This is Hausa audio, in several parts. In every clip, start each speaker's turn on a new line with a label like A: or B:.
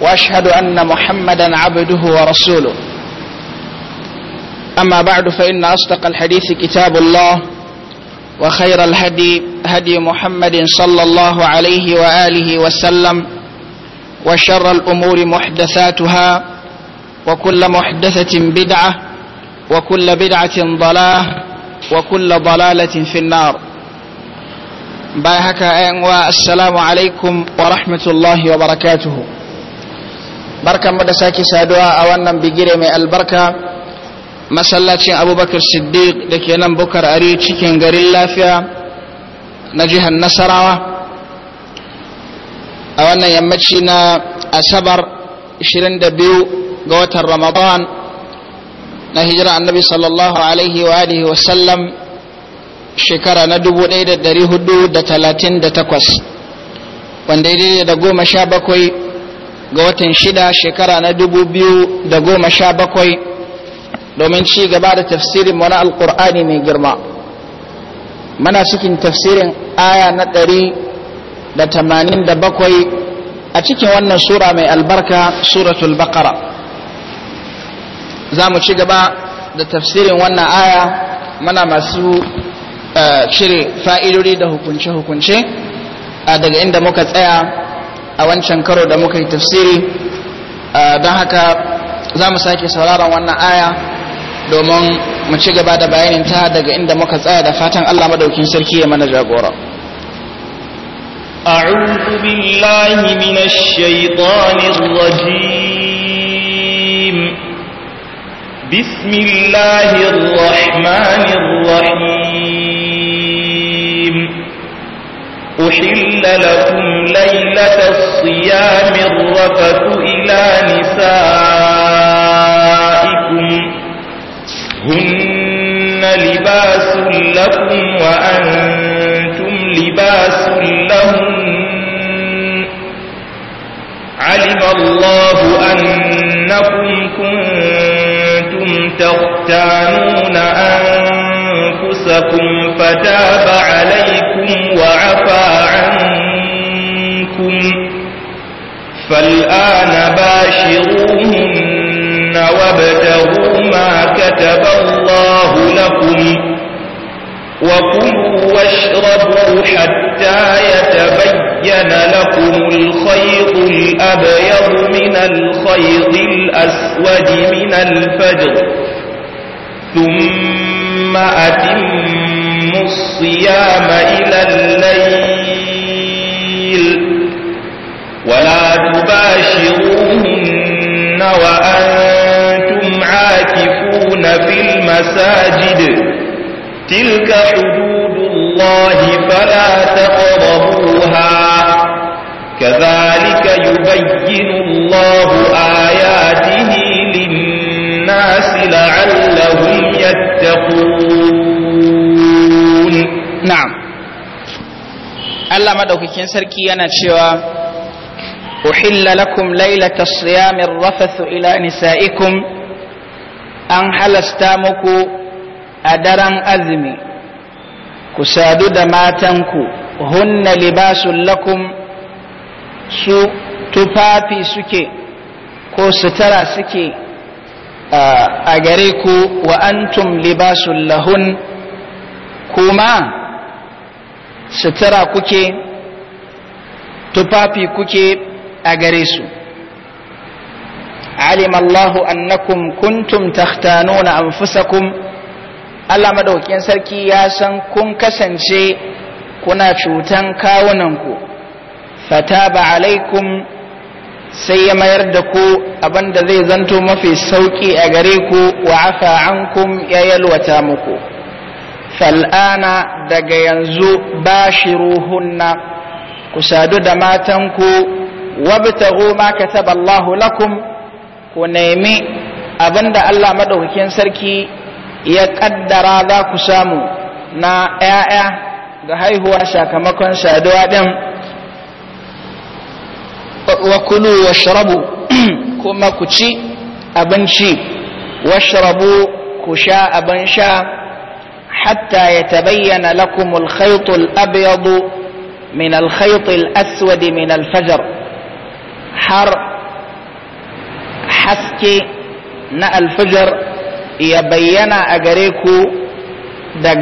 A: واشهد ان محمدا عبده ورسوله اما بعد فان اصدق الحديث كتاب الله وخير الهدي هدي محمد صلى الله عليه واله وسلم وشر الامور محدثاتها وكل محدثه بدعه وكل بدعه ضلاه وكل ضلاله في النار باهك السلام عليكم ورحمه الله وبركاته mu da sake saduwa a wannan bigire mai albarka masallacin abubakar siddiq da ke nan bukar ari cikin garin lafiya na jihar nasarawa a wannan yammaci na asabar 22 ga watan ramadan na hijira annabi sallallahu alaihi wa alihi wasallam shekara na 1438 wanda ya da goma sha bakwai ga watan shida shekara na dubu biyu da goma sha bakwai domin ci gaba da tafsirin wani alkur'ani mai girma mana cikin tafsirin aya na ɗari da tamanin da bakwai a cikin wannan sura mai albarka suratul baqara za mu ci gaba da tafsirin wannan aya mana masu eh, cire fa'idodi da hukunce-hukunce daga inda muka tsaya a wancan karo da muka yi tafsiri don haka za mu sake sauraron wannan aya domin mu ci gaba da bayanin ta daga inda muka tsaya da fatan Allah madaukin sarki ya mana jagora
B: أعوذ بالله من الشيطان الرجيم بسم الله الرحمن أحل لكم ليلة الصيام الرفث إلى نسائكم هن لباس لكم وأنتم لباس لهم علم الله أنكم كنتم تختانون أنتم أنفسكم فتاب عليكم وعفى عنكم فالآن باشروهن
A: وابتغوا ما كتب
B: الله لكم وكلوا واشربوا حتى يتبين لكم الخيط الأبيض من الخيط الأسود من الفجر ثم ثم أتموا الصيام إلى الليل ولا تباشروهن وأنتم عاكفون في المساجد تلك حدود الله فلا تقربوها كذلك يبين الله آياته للناس لعلهم تتقون
A: نعم الله مدوكين سركي أنا شوى أحل لكم ليلة الصيام الرفث إلى نسائكم أن حلستامكو أدران أزمي كسادو دماتنكو هن لباس لكم سو تفافي سكي كو sutura suke a gare ku wa antum libasul lahun kuma sutura kuke tufafi kuke a gare su علم الله أنكم كنتم تختانون أنفسكم Allah madaukakin sarki ya san kun kasance kuna cutan kawunanku fataba alaikum sai ya mayar da ku abinda zai zanto mafi sauki a gare ku wa afa ankum ya yalwata muku fal'ana daga yanzu ba shi ruhunna ku sadu da matanku wabtaghu ma taballahu lakum ku nemi abinda Allah maɗaukakin sarki ya ƙaddara za ku samu na ‘ya'ya ga haihuwa sakamakon saduwa ɗin وكلوا واشربوا كما كتشي أبنشي واشربوا كشاء أبنشا حتى يتبين لكم الخيط الأبيض من الخيط الأسود من الفجر حر حسكي نا الفجر يبين أجريكو a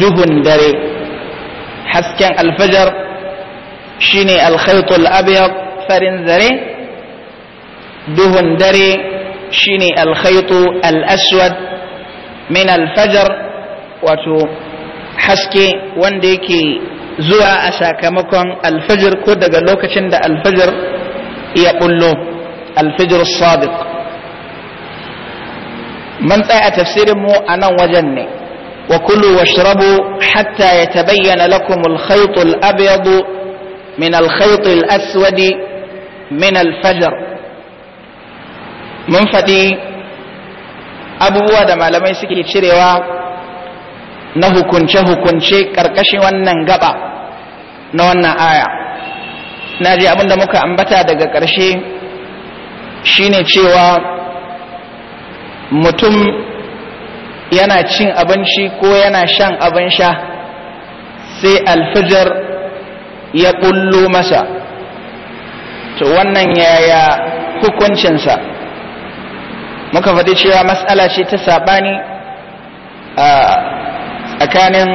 A: دهن دري حسكي الفجر shine alkhaitul abyad farin zare duhun dare shine alkhaitu al-aswad min al-fajr wato haske wanda yake zuwa a sakamakon alfajir ko daga lokacin da alfajir ya bullo alfajir sadiq man tsaya tafsirin mu a nan wajen ne wa kulu washrabu hatta yatabayyana lakum al-khayt al-abyad من الخيط الأسود minal الفجر mun faɗi abubuwa da malamai suke cirewa na hukunce-hukunce ƙarƙashin wannan gaɓa na wannan aya na ji da muka ambata daga ƙarshe shine cewa mutum yana cin abinci ko yana shan abin sha sai alfijar ya ɓullo masa to wannan yaya hukuncinsa muka faɗi cewa matsala ce ta saɓani a tsakanin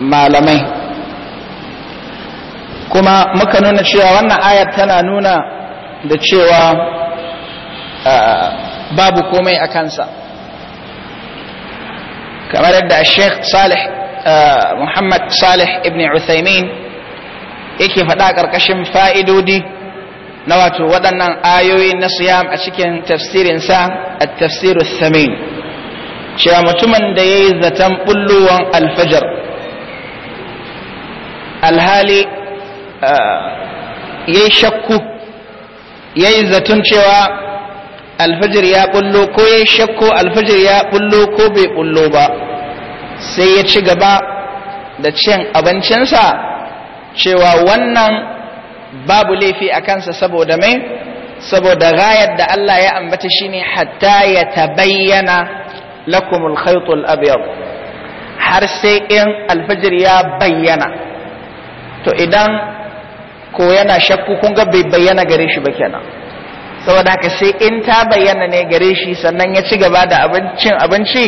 A: malamai kuma muka nuna cewa wannan ayar tana nuna da cewa babu komai a kansa kamar yadda sheikh salih muhammad salih ibn uthaymin yake faɗa ƙarƙashin fa'idodi na wato waɗannan ayoyi na siya a cikin tafsirinsa a tafsiru samin cewa mutumin da ya yi zaton ɓullowan alfajar alhali ah, ya yi shakku ya yi zaton cewa alfajar ya bullo ko ya yi shakku alfajar ya bullo ko bai bullo ba sai ya ci gaba da cin abincinsa cewa wannan babu laifi a kansa saboda mai saboda gayar da Allah ya ambata shine hatta ya tabayyana lakumul khaytul abyad har sai in alfajir ya bayyana to idan ko yana shakku kun ga bai bayyana gare shi ba kenan saboda haka sai in ta bayyana ne gare shi sannan ya ci gaba da abincin abinci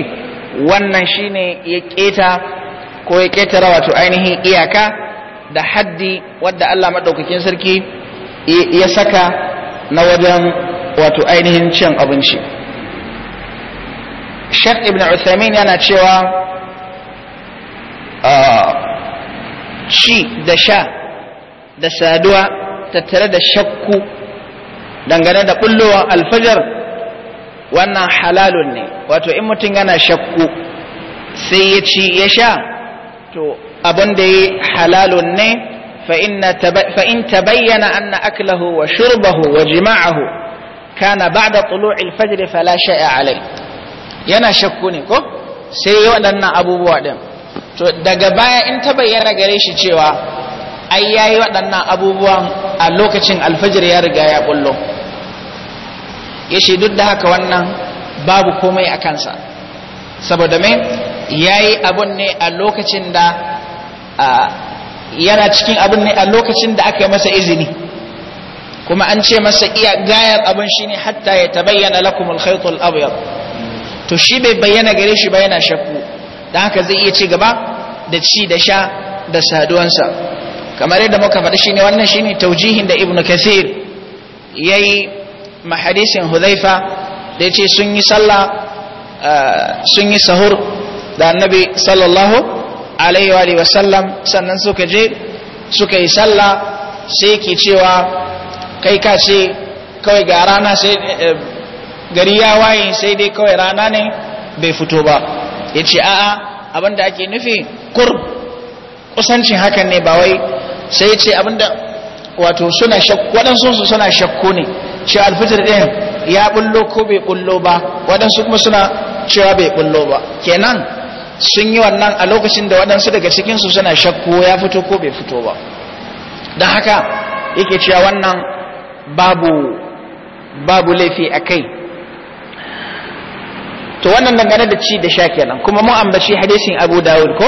A: wannan shine ya keta ko ya rawa wato ainihin iyaka da haddi wadda Allah maɗaukakin sarki ya saka na wajen wato ainihin cin abinci Sheikh Ibn Uthaymeen yana cewa ah, ci da sha da saduwa tattare da shakku dangane da bullowar alfajar wannan halalun ne wato in mutum yana shakku sai ya ci ya sha to abin da yi halalun ne fa in an anna aklahu wa shurbahu wa jima'ahu kana ba'da tulu'il ilfajir falashe shay'a alai yana shakku ne ko sai yi waɗannan abubuwa din to daga baya in ta bayyana gare shi cewa ai yayi waɗannan abubuwan a lokacin alfajir ya riga ya Ya shi duk da haka wannan babu komai a kansa saboda me yi abun ne a lokacin da yana cikin abin ne a lokacin da aka yi masa izini kuma an ce masa iya gayar abin shine hatta ya tabayyana lakum al-khayt al-abyad to shi bai bayyana gare shi ba yana shakku dan haka zai iya ci gaba da ci da sha da saduwansa kamar yadda muka faɗi shine wannan shine taujihin da ibnu kasir yayi ma hadisin hudhaifa da yace sun yi sallah eh, sun yi sahur da annabi sallallahu alaihi wa sallam sannan suka je suka yi sallah sai ke cewa kai ka ce kawai ga rana sai eh, gari ya waye sai dai kawai rana ne bai fito ba ya ce a'a abinda ake nufi kurb kusancin hakan ne ba wai sai ce abinda wato suna waɗansu suna shakku ne shi alfitar ɗin ya bullo ko bai bullo ba waɗansu kuma suna cewa bai bullo ba kenan sun yi wannan a lokacin da waɗansu daga cikinsu suna shakku ya fito ko bai fito ba don haka yake cewa wannan babu babu laifi a kai to wannan dangane da ci da sha kenan kuma mun ambaci hadisin abu dawud ko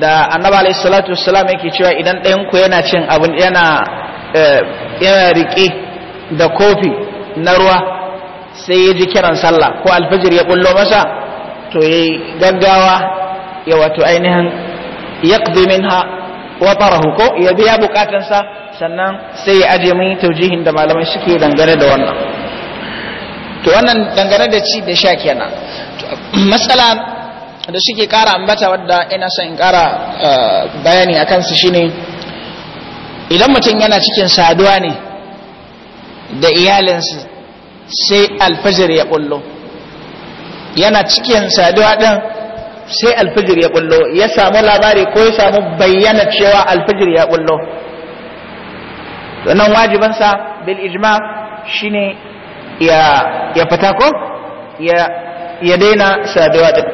A: da annabi alayhi salatu wassalam yake cewa idan ɗayan ku yana cin abun yana eh, yana rike da kofi na ruwa sai ya ji kiran sallah ko alfajir ya bullo masa to yayi gaggawa ya wato ainihin yaqdi minha wa tarahu ko ya biya sa sannan sai ya aje mun taujihin da malamai suke dangane da wannan to wannan dangane da ci da sha kenan matsala da suke kara ambata wadda ina son in kara eh, bayani a kansu shine idan mutum yana cikin saduwa ne da iyalinsa sai alfajir ya bullo yana cikin saduwa ɗin sai alfijir ya bullo ya samu labari ko ya samu bayyana cewa alfijir ya bullo wannan wajibansa bil ijma shine ya ya fita ko ya ya daina saduwa din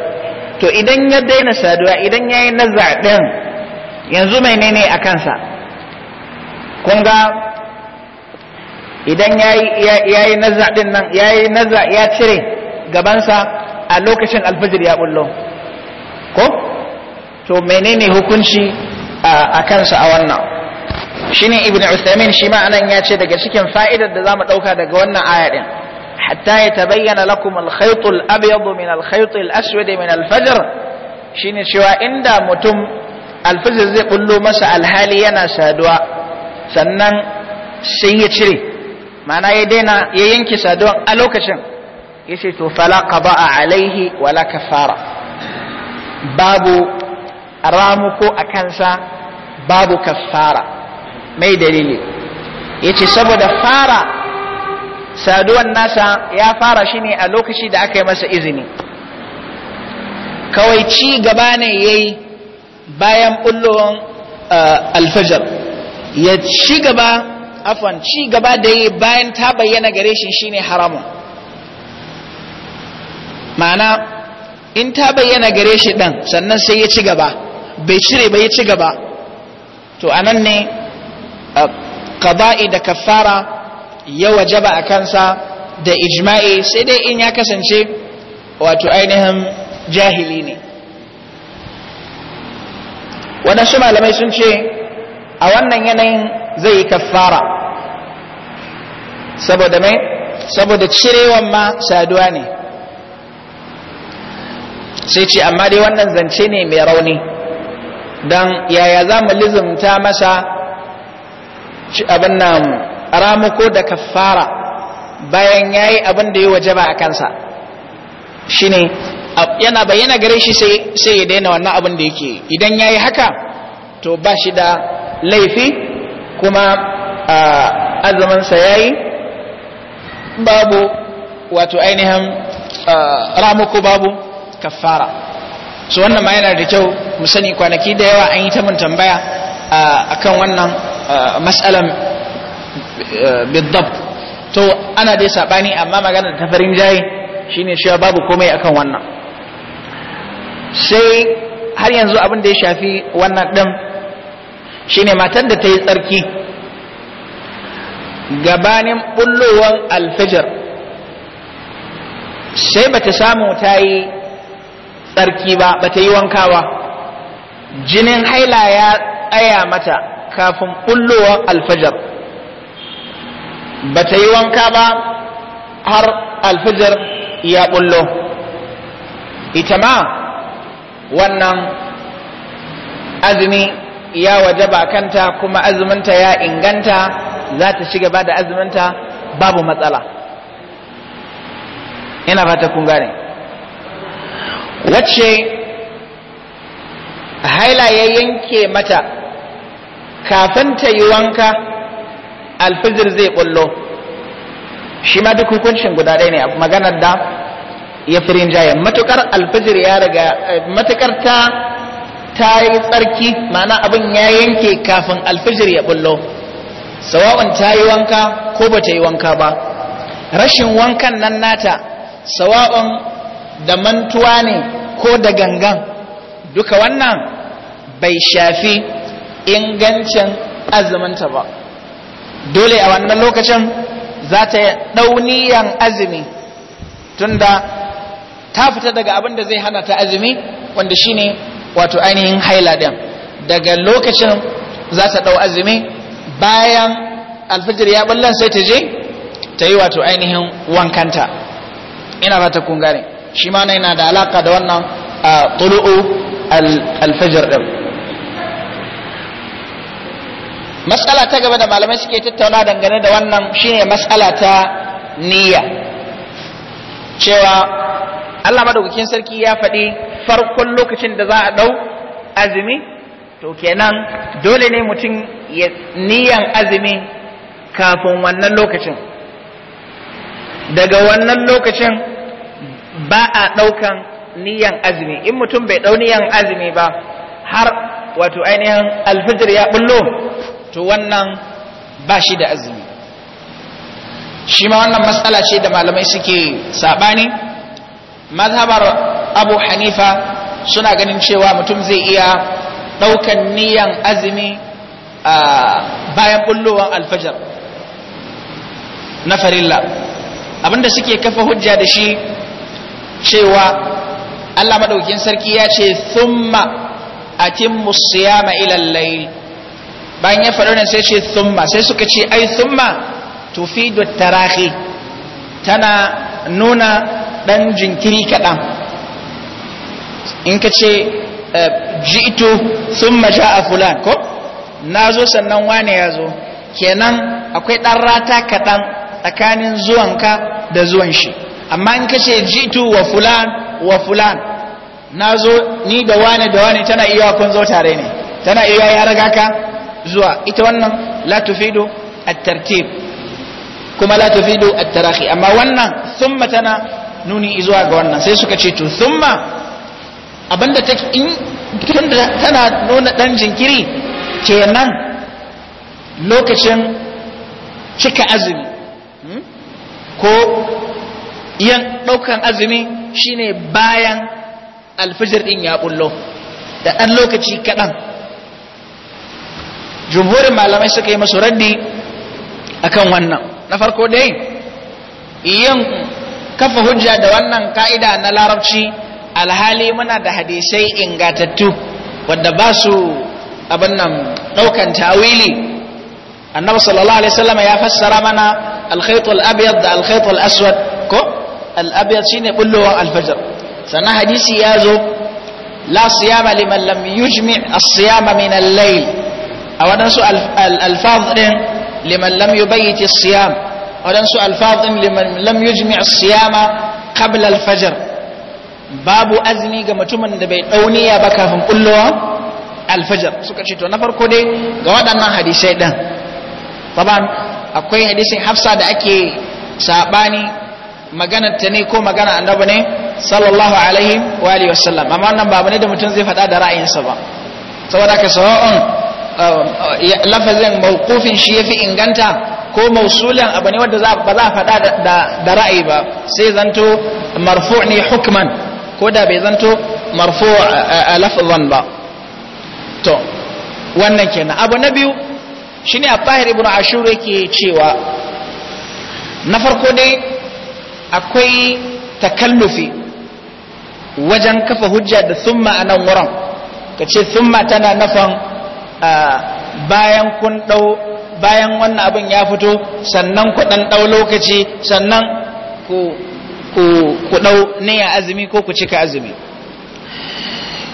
A: to idan ya daina saduwa idan yayi nazar din yanzu mai ne a kansa kun ga idan yayi yayi nazar din nan yayi nazar ya cire gabansa a lokacin alfajir ya bullo ko to menene hukunci a kansa a wannan Shin ibn Usamin shi ma'anan ya ce daga cikin fa'idar da zamu ɗauka daga wannan Ayaɗin. din hatta ya ta bayyana khayt alkhaitul abyad min al aswadi min al-fajr shine cewa inda mutum alfajir zai bullo masa alhali yana saduwa sannan sai ya cire ma'ana ya daina ya yanke saduwan a lokacin yace to fala qada alaihi wala kafara babu ramu ko sa babu kafara mai dalili yace saboda fara saduwan nasa ya fara shi ne a lokaci da aka yi masa izini kawai ci gaba ne yayi bayan bullowan eh, alfajar ya ci gaba afan ci gaba da yayi bayan ta bayyana gare shi shine haramun ma'ana in ta bayyana gare shi ɗan sannan sai ya ci gaba bai cire ba ya ci gaba to a nan ne kabai da kafara ya wajaba a kansa da ijma'i sai dai in ya kasance wato ainihin jahili ne waɗansu malamai sun ce a wannan yanayin zai yi kafara saboda mai saboda cirewan ma saduwa ne sai ce amma dai wannan zance ne mai rauni don yaya za mu lizumta masa abin nan ramuko da kafara bayan ya yi abin da ya waje ba a kansa shi yana bayyana gare shi sai ya daina wannan abin da yake idan ya yi haka to ba shi da laifi kuma azuminsa ya yi babu wato ainihin ramuko babu kaffara so wannan ma yana da kyau mu sani kwanaki da yawa an yi ta mun tambaya akan wannan mas'alan bidab to ana dai sabani amma magana da tafarin jayi shine shi babu komai akan wannan sai har yanzu abin da ya shafi wannan din shine matan da ta yi tsarki gabanin bullowan alfajar sai bata samu ta yi tsarki ba ba ta yi wanka ba jinin haila ya tsaya mata kafin kullowa alfajar ba ta yi wanka ba har alfajar ya bullo ita ma wannan azumi ya waje ba kanta kuma azuminta ya inganta za ta shiga ba da azuminta babu matsala ina fata kun gane wacce haila ya yanke mata kafin ta yi wanka alfijir zai bullo shi ma duk hukuncin guda ɗaya ne maganar da ya firin jayen matukar alfijir ya riga matukar ta ta yi tsarki ma'ana abin ya yanke kafin alfijir ya bullo sawa'un ta yi wanka ko ba ta yi wanka ba rashin wankan nan nata sawa'un da mantuwa ne ko da gangan duka wannan bai shafi ingancin azuminta ba dole a wannan lokacin za ta yi dauniyan azumi tunda ta fita daga abin da zai hana ta azumi wanda shine wato ainihin haila din daga lokacin za ta dau azumi bayan alfijir ya ballan sai ta je ta yi wato ainihin wankanta ina fata kun gane shi ma yana da alaka da wannan tulu'u alfajar ɗin. Matsala ta gaba da malamai suke tattauna dangane da wannan shine matsala ta niyya cewa Allah madaukakin sarki ya faɗi farkon lokacin da za a ɗau azumi to kenan dole ne mutum ya niyan azumi kafin wannan lokacin daga wannan lokacin ba a ɗaukan niyan azumi in mutum bai ɗau niyan azumi ba har wato ainihin alfijir ya bullo to wannan ba shi da azumi shi ma wannan matsala ce da malamai suke saɓani mazhabar abu hanifa suna ganin cewa mutum zai iya ɗaukan niyan azumi a bayan bullowan alfajar na farilla abinda suke kafa hujja da shi cewa Allah Maɗaukin sarki ya ce thumma atimmu siyama ila al-layl bayan ya faɗo nan sai ce thumma sai suka ce ai thumma tufidu tarahi tana nuna dan jinkiri kaɗan in ka ce eh, ji'tu thumma ja'a fulan ko nazo sannan wane ya zo kenan akwai ɗan rata kaɗan tsakanin zuwanka da zuwan shi amma in kace jitu wa fulan wa fulan na zo ni da wani da wani tana iya kun zo tare ne tana iya ya raga ka zuwa ita wannan la tufidu at-tartib kuma la tufidu at-tarahi amma wannan thumma tana nuni zuwa ga wannan sai suka ce to thumma abinda ta in tunda tana nuna dan jinkiri kenan lokacin cika azumi hmm? ko yan ɗaukan azumi shine bayan alfijir ɗin ya bullo da ɗan lokaci kaɗan jumhurin malamai suka yi masu raddi akan wannan na farko dai iyan kafa hujja da wannan ka'ida na larabci alhali muna da hadisai ingatattu wadda ba su abin nan ɗaukan tawili annabi sallallahu alaihi wasallam ya fassara mana alkhaitul abyad da alkhaitul aswad al-abyad shine bullowar alfajar fajr sannan hadisi ya zo la siyama liman lam yujmi' siyama min al-layl a waɗansu al-alfaz din liman lam yubayyit as-siyam wadansu alfaz liman lam yujmi' siyama qabla al-fajr babu azmi ga mutumin da bai dauniya ba kafin bullowar alfajar suka ce to na farko dai ga waɗannan hadisai din taban akwai hadisin hafsa da ake saɓani. magana ta ne ko magana annabi ne sallallahu alaihi wa alihi wasallam amma wannan ba ne da mutum zai faɗa da ra'ayinsa ba saboda ka sawa'un eh, lafazin mawqufin shi yafi inganta ko mausulan abu ne wanda ba za a faɗa da ra'ayi ba sai zanto marfu' ne hukman ko da bai zanto marfu' eh, eh, lafazan ba to wannan kenan abu na biyu shine a tahir ibn ashur yake cewa na farko dai akwai takallufi wajen kafa hujja da summa a nan wurin ka ce summa tana nafan bayan kun ɗau bayan wannan abin ya fito sannan ku ɗan ɗau lokaci sannan ku ɗau niyyar azumi ko ku cika azumi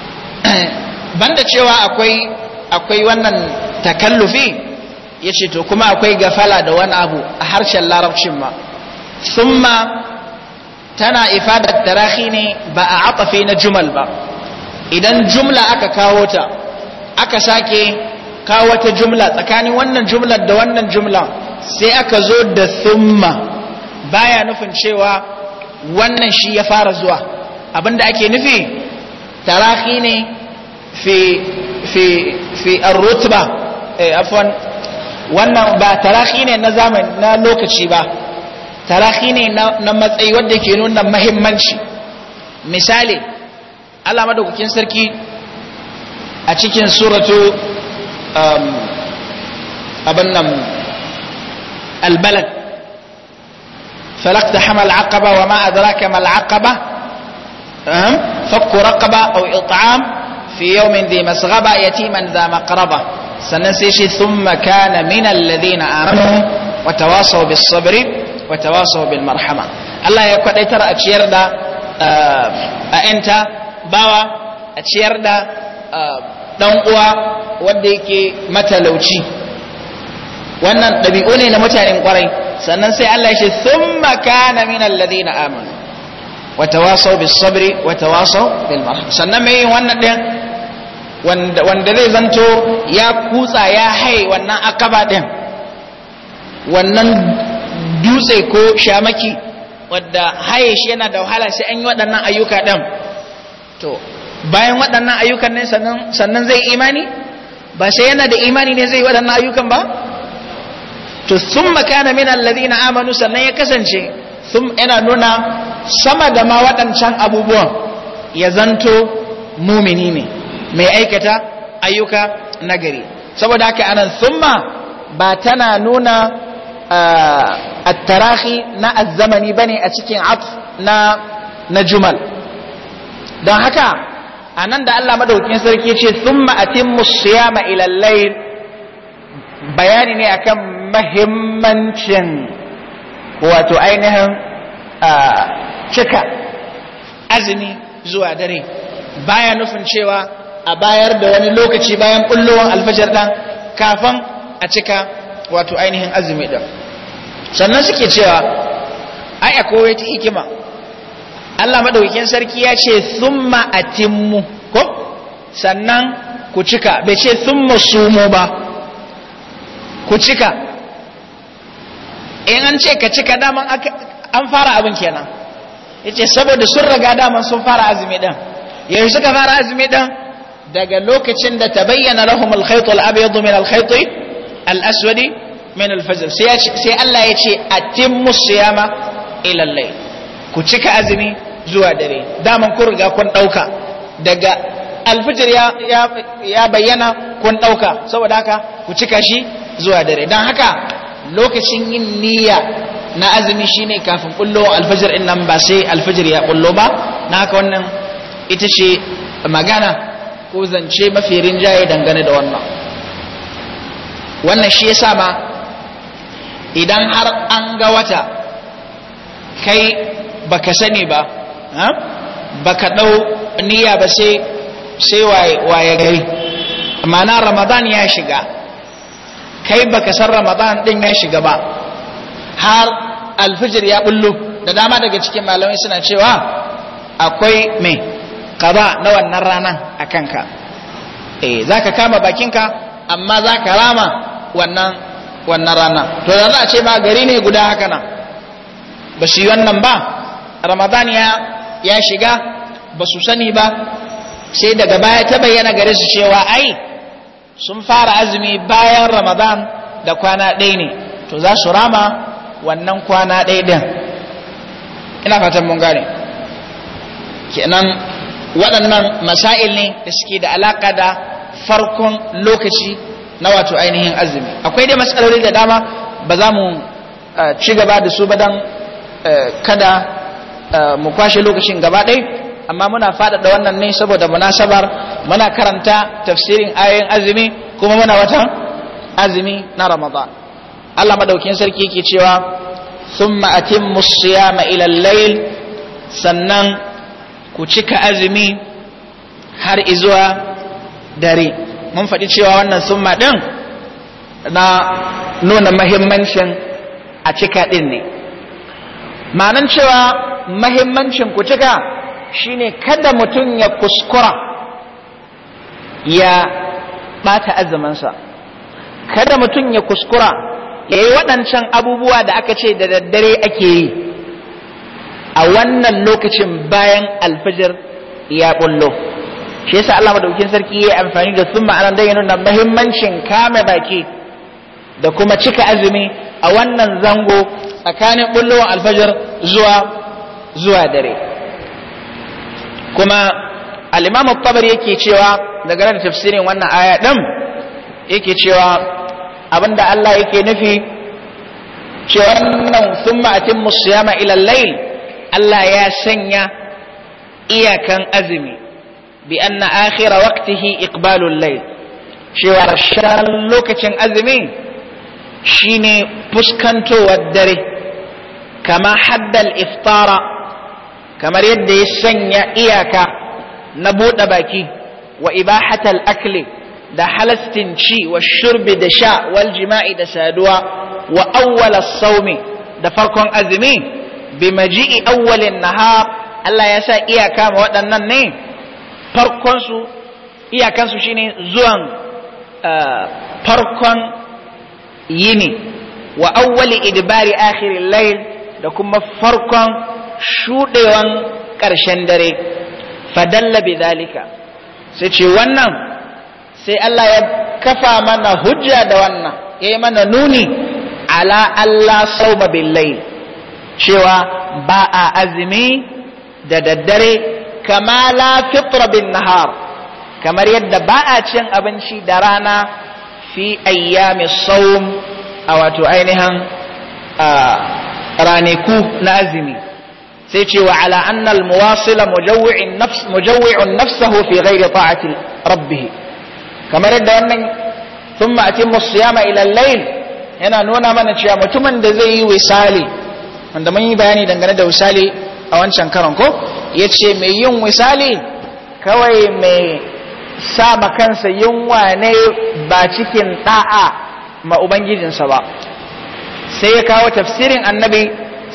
A: banda cewa akwai akwai wannan takallufi ya ce to kuma akwai gafala da wani abu a harshen larabcin ma summa tana ifadar tarahi ne ba a atafe na jumal ba idan jumla aka kawo ta aka sake kawo ta jumla tsakanin wannan jumlar da wannan jumla sai aka zo da summa baya nufin cewa wannan shi ya fara zuwa abinda ake nufi tarahi fi fi wannan ba tarahi ne na zamani na lokaci ba talaki ne na matsayi wadda ke nuna mahimmanci misali Allah madaukakin sarki a cikin suratu abin nan albalad falakta hamal aqaba wa ma adraka mal aqaba fakku raqaba aw it'am fi yawmin dhi masghaba yatiman dha maqraba sannan sai shi thumma kana min alladhina amanu wa tawasaw bis sabri wa tawasaw bil marhama Allah ya kwadaitar a ciyar da a yanta bawa a ciyar da dan uwa wanda yake matalauci wannan dabi'u ne na mutanen kwarai sannan sai Allah ya ce thumma kana min alladhina amanu wa tawasaw bis sabri wa tawasaw bil marhama sannan mai wannan din wanda zai zanto ya kutsa ya hai wannan akaba din wannan dutse ko shamaki wadda haye shi yana da wahala sai an yi waɗannan ayyuka ɗan to bayan waɗannan ayyukan ne sannan zai imani ba sai yana da imani ne zai waɗannan ayyukan ba to sun makana min alladhina amanu sannan ya kasance sun yana nuna sama da ma waɗancan abubuwan ya zanto mumini ne mai aikata ayyuka nagari saboda haka anan summa ba tana nuna attarahi na azzamani bane a cikin af na na jumal don haka a nan da Allah madaukin sarki ce thumma atimmu siyama ila layl bayani ne akan mahimmancin wato ainihin cika azumi zuwa dare baya nufin cewa a bayar da wani lokaci bayan bullowar alfajar dan kafin a cika wato ainihin azumi din sannan suke cewa ai akwai wata hikima Allah maɗaukin sarki ya ce thumma atimmu ko sannan ku cika bai ce thumma sumu ba ku cika in an ce ka cika daman an fara abin kenan ce saboda sun raga daman sun fara azumi ɗin. yanzu suka fara azumi ɗin? daga lokacin da tabayyana lahum al-khayt al-abyad min al-khayt al-aswad min alfajr sai Allah ya ce atimmu siyama ila layl ku cika azumi zuwa dare daman kun riga kun dauka daga alfajr ya ya bayyana kun dauka saboda haka ku cika shi zuwa dare dan haka lokacin yin niyya na azumi shine kafin kullo alfajr in nan ba sai alfajr ya kullo ba na haka wannan ita ce magana ko zance mafi rinjaye dangane da wannan wannan shi yasa ma idan har an ga wata kai baka sani ba baka ɗau niyya ba sai sai waye gari ma'ana ramadan ya shiga kai baka san ramadan ɗin ya shiga ba har alfijir ya bullo da dama daga cikin malamai suna cewa akwai me kaba na wannan ranar a kanka eh za ka kama bakinka amma za ka rama wannan wannan rana to da za a ce ma gari ne guda haka nan ba su yi wannan ba ramadan ya ya shiga ba su sani ba sai daga baya ta bayyana gare su cewa ai sun fara azumi bayan ramadan da kwana ɗaya ne to za su rama wannan kwana ɗaya ɗin ina fatan mun gane kenan waɗannan masail ne da suke da alaƙa da farkon lokaci na wato ainihin azumi akwai dai matsaloli da dama ba za mu eh, ci gaba da su ba dan eh, kada eh, mu kwashe lokacin gaba ɗai amma muna faɗaɗa wannan ne saboda munasabar muna karanta tafsirin ayoyin azumi kuma muna wata azumi na ramadan Allah maɗaukin sarki yake cewa sun atimmu siyama ila al-layl sannan ku cika azumi har izuwa dare mun faɗi cewa wannan summa ɗin na nuna mahimmancin a cika ɗin ne ma'anan cewa mahimmancin ku cika shine kada mutum ya kuskura ya ɓata azuminsa kada mutum ya kuskura ya yi waɗancan abubuwa da aka ce da daddare ake yi a wannan lokacin bayan alfijir ya ɓullo. shi yasa Allah madaukin sarki yayi amfani da thumma anan da yana muhimmancin kame baki da kuma cika azumi a wannan zango tsakanin bullowar alfajar zuwa zuwa dare kuma al-Imam at-Tabari yake cewa daga nan tafsirin wannan aya din yake cewa abinda Allah yake nufi cewa wannan thumma atimmu siyama ila al-layl Allah ya sanya iyakan azumi bi anna akhira waqtihi iqbalul layl cewa rashin lokacin azumi shine fuskantowar dare kama haddal iftara kamar yadda ya sanya iyaka na buɗe baki wa ibahatal akli da halastin ci wa shurbi da sha wal jima'i da saduwa wa awwala saumi da farkon azumi bi maji'i awwalin nahar Allah ya sa iyaka ma waɗannan ne farkonsu iyakansu shine zuwan eh, farkon yini wa awwali idbari akhirin layl da kuma farkon shuɗewan ƙarshen dare fadallabi bi dalika sai ce wannan sai Allah ya kafa mana hujja da wannan ya yi mana nuni ala Allah sauma bil layl cewa ba a azumi da daddare kama la fitra bin nahar kamar yadda ba a cin abinci da rana fi ayyami saum a wato ainihin ranaku na azumi sai ce wa ala annal muwasila mujawwi'un nafs mujawwi'un nafsahu fi ghairi ta'ati rabbih kamar yadda wannan thumma atimmu siyama ila al yana nuna mana cewa mutumin da zai yi wisali wanda mun yi bayani dangane da wisali a wancan karon ko ya ce mai yin misali kawai mai sa kansa yunwa ne ba cikin ɗa'a ma ubangijinsa ba sai ya kawo tafsirin annabi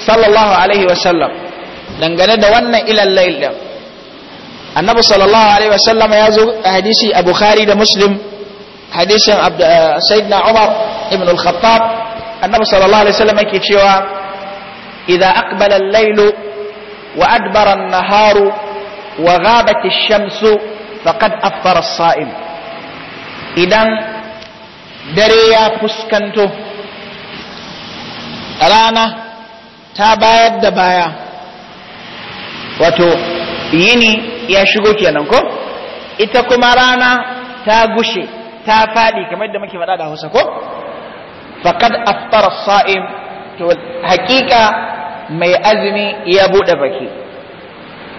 A: sallallahu alaihi wasallam dangane da wannan ilallai ɗin annabi sallallahu alaihi wasallam ya zo a hadisi a da muslim hadisin eh, sayyidina umar ibn al-khattab annabi sallallahu alaihi wasallam yake cewa idan aqbala al-lailu وأدبر النهار وغابت الشمس فقد أفطر الصائم fuskanto دريا ta رانا da baya وتو يني ya shigo kenan ko ita kuma rana ta gushe ta faɗi kamar da muke faɗa da hausa ko faƙad to haƙiƙa mai azumi ya buɗe baki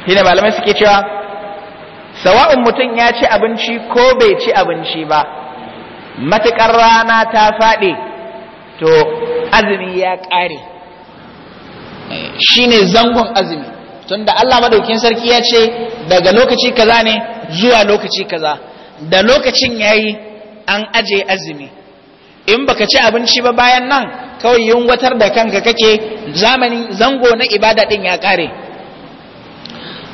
A: shine malamai suke cewa sawa'un mutum ya ci abinci ko bai ci abinci ba matuƙar rana ta faɗi to azumi ya ƙare shine zangon azumi tunda Allah madaukin sarki ya ce daga lokaci kaza ne zuwa lokaci kaza da lokacin yayi an aje azumi in baka ci abinci ba bayan nan kawai yunwatar da kanka kake zamani zango na ibada din ya kare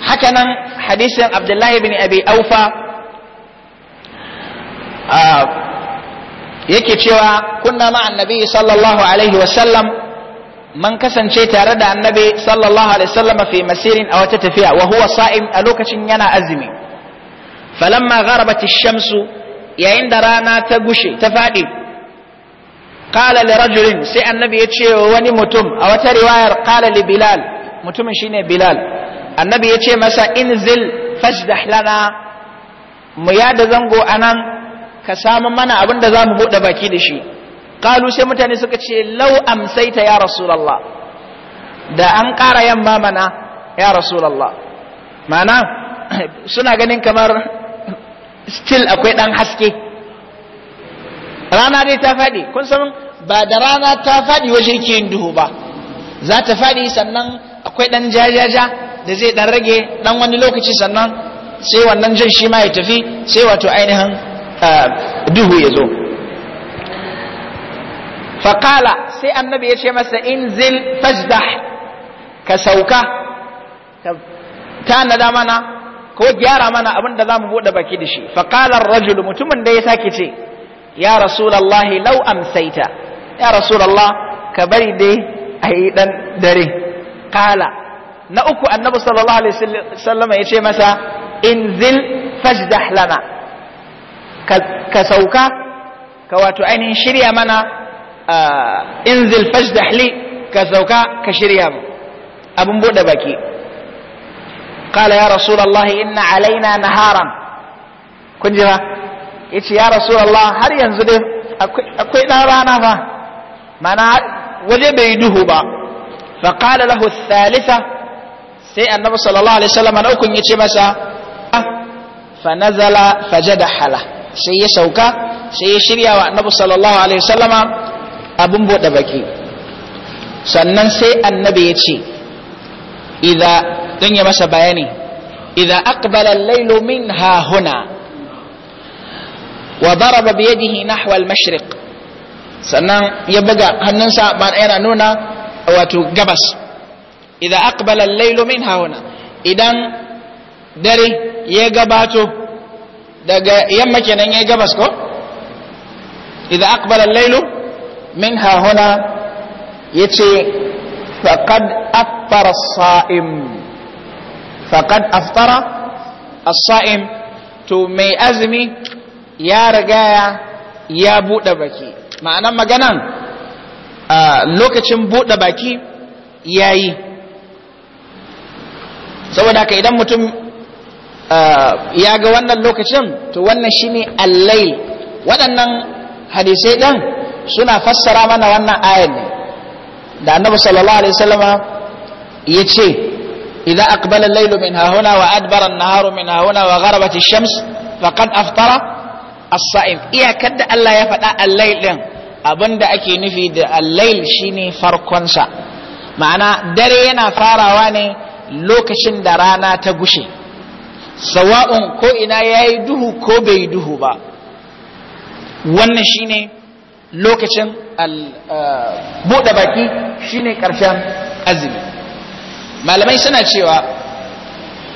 A: haka nan hadisin abdullahi bin abi aufa yake cewa kunna ma annabi sallallahu alaihi wasallam man kasance tare da annabi sallallahu alaihi wasallam fi masirin a wata tafiya wa huwa sa'im a lokacin yana azumi falamma gharabat ash-shamsu yayin da rana ta gushe ta fadi qala li rajulin sai annabi ya ce wani mutum a wata riwayar qala bilal mutumin shine bilal annabi ya ce masa inzil fajdah lana mu yada zango anan ka samu mana abin da za mu buɗe baki da shi qalu sai mutane suka ce lau amsaita ya rasulullah da an ƙara yamma mana ya rasulullah mana suna ganin kamar stil akwai ɗan haske rana dai ta faɗi kun san ba da rana ta faɗi wa shirkin duhu ba za ta faɗi sannan akwai ɗan jajaja da zai ɗan rage ɗan wani lokaci sannan sai wannan jan shi ma ya tafi sai wato ainihin duhu ya zo faƙala sai annabi ya ce masa in zil fajdah ka sauka tanada mana ko gyara mana abin da za mu buɗe baki da shi faƙalar rajulu mutumin da ya sake ce ya rasulallah lau amsaita ya rasulallah ka bari dai a yi ɗan dare kala na uku annabi sallallahu alaihi wasallam ya ce masa inzil fajdah lana ka sauka ka wato ainihin shirya mana ah, inzil fajdah li ka sauka ka shirya mu abin bude baki qala ya rasulullahi inna alaina naharan kun jira yace ya rasulallah har yanzu dai akwai ɗan rana fa mana waje bai duhu ba faƙaɗa lahu thalitha sai annabi sallallahu alaihi wasallam na ukun ya ce masa fa nazala fajada hala sai ya sauka sai ya shirya wa annabi sallallahu alaihi wasallama abun buɗe baki sannan sai annabi ya ce idan ya masa bayani idan aqbala al-lailu ha huna wa daraba biyadihi nahwa al-mashriq sannan ya buga hannunsa ba yana nuna wato gabas idan aqbala al-laylu min hauna idan dare ya gabato daga yamma kenan ya gabas ko idan aqbala al-laylu min hauna yace faqad aftara as-sa'im faqad aftara as-sa'im to mai azmi ya ragaya ya buɗe baki ma'anan maganan lokacin buɗe baki ya yi saboda ka idan mutum ya ga wannan lokacin to wannan shine allai waɗannan hadisai ɗan suna fassara mana wannan ayan ne da annabi sallallahu alaihi wasallama ya ce idan aqbala al-lailu min hahuna wa adbara an-naharu min hauna wa gharabat ash-shams faqad aftara as-sa'im iyakar da Allah ya faɗa al-lail din abinda ake nufi da al-lail shine farkon sa ma'ana dare yana farawa ne lokacin da rana ta gushe sawa'un ko ina yayi duhu ko bai duhu ba wannan shine lokacin uh, buɗe baki shine ƙarshen azumi malamai suna cewa